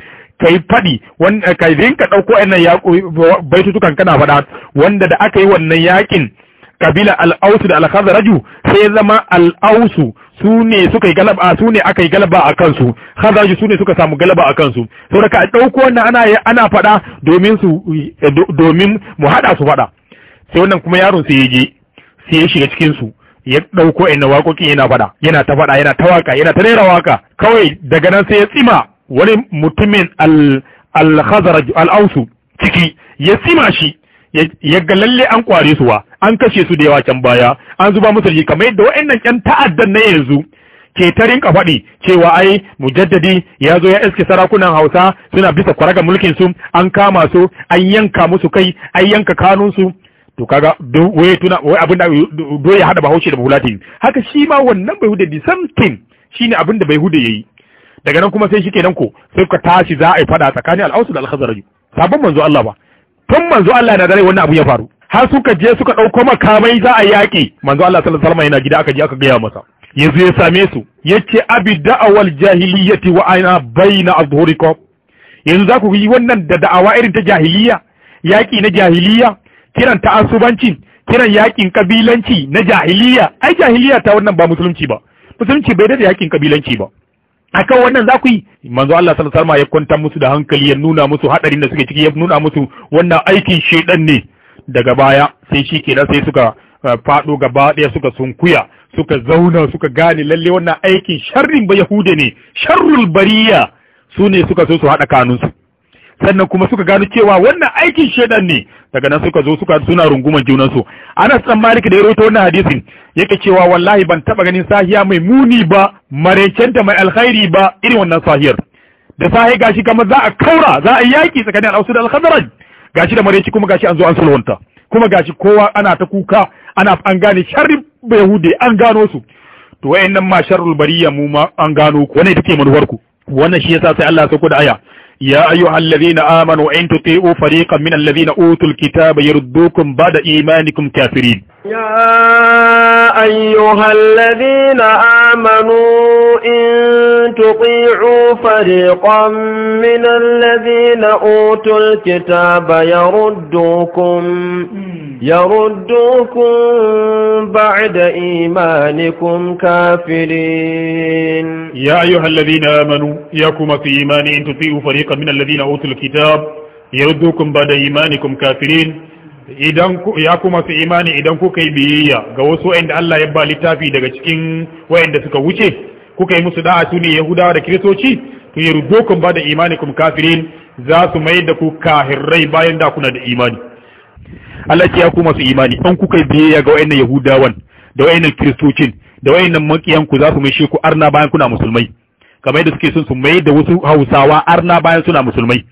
Ka kai faɗi wanda kai rinka ɗauko ɗan yaƙo baitutukan kana faɗa wanda da aka yi wannan yaƙin kabila al'ausu da al-khazraju sai zama al'ausu su ne suka yi galaba su ne aka yi galaba a kansu khazraju su ne suka samu galaba a kansu saboda ka dauko wannan ana ana fada domin su eh, domin mu hada su fada sai wannan kuma yaron sai yaje sai ya shiga cikin su ya dauko ina waƙoƙin yana fada yana ta fada yana ta waka yana ta rera waka kawai daga nan sai ya tsima wani mutumin al al-khazraju al-ausu ciki ya tsima shi ya ga lalle an kware wa an kashe su da yawa can baya an zuba musu ji kamar yadda wa'annan ƴan ta'addan na yanzu ke ta rinka faɗi cewa ai mujaddadi ya zo ya iske sarakunan hausa suna bisa kwaraga mulkin su an kama su an yanka musu kai an yanka kanun su to kaga waye tuna waye abin da do ya hada bahaushe da bahulati haka shi ma wannan bai hude something shine abin da bai hude yayi daga nan kuma sai shi kenan ko sai ka tashi za a yi faɗa tsakanin al-ausul al-khazraj sabon manzo Allah ba tun manzo Allah na dare wannan abu ya faru har suka je suka ɗauko makamai za a yaki. manzo Allah sallallahu alaihi wasallam yana gida aka je aka gaya masa yanzu ya same su yace abi da'awal jahiliyyati wa aina baina adhurikum yanzu za ku yi wannan da da'awa irin ta jahiliya yaƙi na jahiliyya kiran ta asubanci kiran yakin kabilanci na jahiliya ai jahiliya ta wannan ba musulunci ba musulunci bai da yakin kabilanci ba akan wannan za ku yi manzo Allah sallallahu alaihi ya kwanta musu da hankali ya nuna musu hadarin da suke ciki ya nuna musu wannan aikin shedan ne daga baya sai shi kenan sai suka eh, fado gaba daya suka sunkuya suka zauna suka gane lalle wannan aikin sharrin ba yahude ne sharrul bariya su ne suka so su hada kanunsu sannan kuma suka gano cewa wannan aikin shedan ne daga nan suka zo suka suna runguman junan su Anas dan Malik da ya rawaito wannan hadisin yake cewa wallahi ban taba ganin sahiya mai muni ba marecen da mai alkhairi ba irin wannan sahiyar da sahi gashi kamar za a kaura za a yaki tsakanin al'ausu da al-Khazraj gashi da mareci kuma gashi an zo an sulhunta kuma gashi kowa ana ta kuka ana an gane sharri Yahude an gano su to wayannan ma sharrul bariya mu ma an gano ku wannan take manuwar ku wannan shi yasa sai Allah ya sauko da aya يا أيها الذين آمنوا إن تطيعوا فريقا من الذين أوتوا الكتاب يردوكم بعد إيمانكم كافرين يا أيها الذين آمنوا إن تطيعوا فريقا من الذين أوتوا الكتاب يردوكم يردوكم بعد إيمانكم كافرين يا أيها الذين آمنوا ياكم في إيمان إن تطيعوا فريقا من الذين أوتوا الكتاب يردوكم بعد إيمانكم كافرين idan ya kuma su imani idan kuka yi biyayya ga wasu wa'anda Allah ya ba littafi daga cikin wa'anda suka wuce kuka yi musu da'a su ne Yahudawa da Kiristoci to yardukum ba da kum kafirin za su mai da ku kahirrai bayan da kuna da imani Allah ya kuma su imani an kuka yi biyayya ga wa'annan Yahudawan da wa'annan Kiristocin da wa'annan makiyan ku za su mai ku arna bayan kuna musulmai kamar yadda suke son su mai da wasu Hausawa arna bayan suna musulmai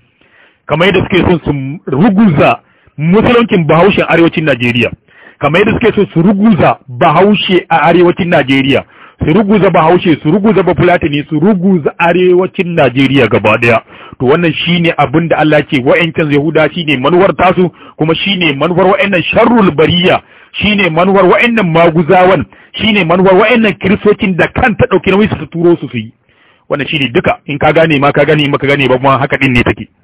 kamar yadda suke son su ruguza musuluncin bahaushen arewacin Najeriya kamar yadda suke so su ruguza bahaushe a arewacin Najeriya su ruguza bahaushe su ruguza bafulatani su ruguza arewacin Najeriya gaba daya to wannan shine abin da Allah ke wa'ancan Yahuda shine manuwar tasu kuma shine manuwar wa'annan sharrul bariya shine manuwar wa'annan maguzawan shine manuwar wa'annan kiristocin da kan ta dauki nauyi su turo su su yi wannan shine duka in ka gane ma ka gane ma ka gane ba kuma haka din ne take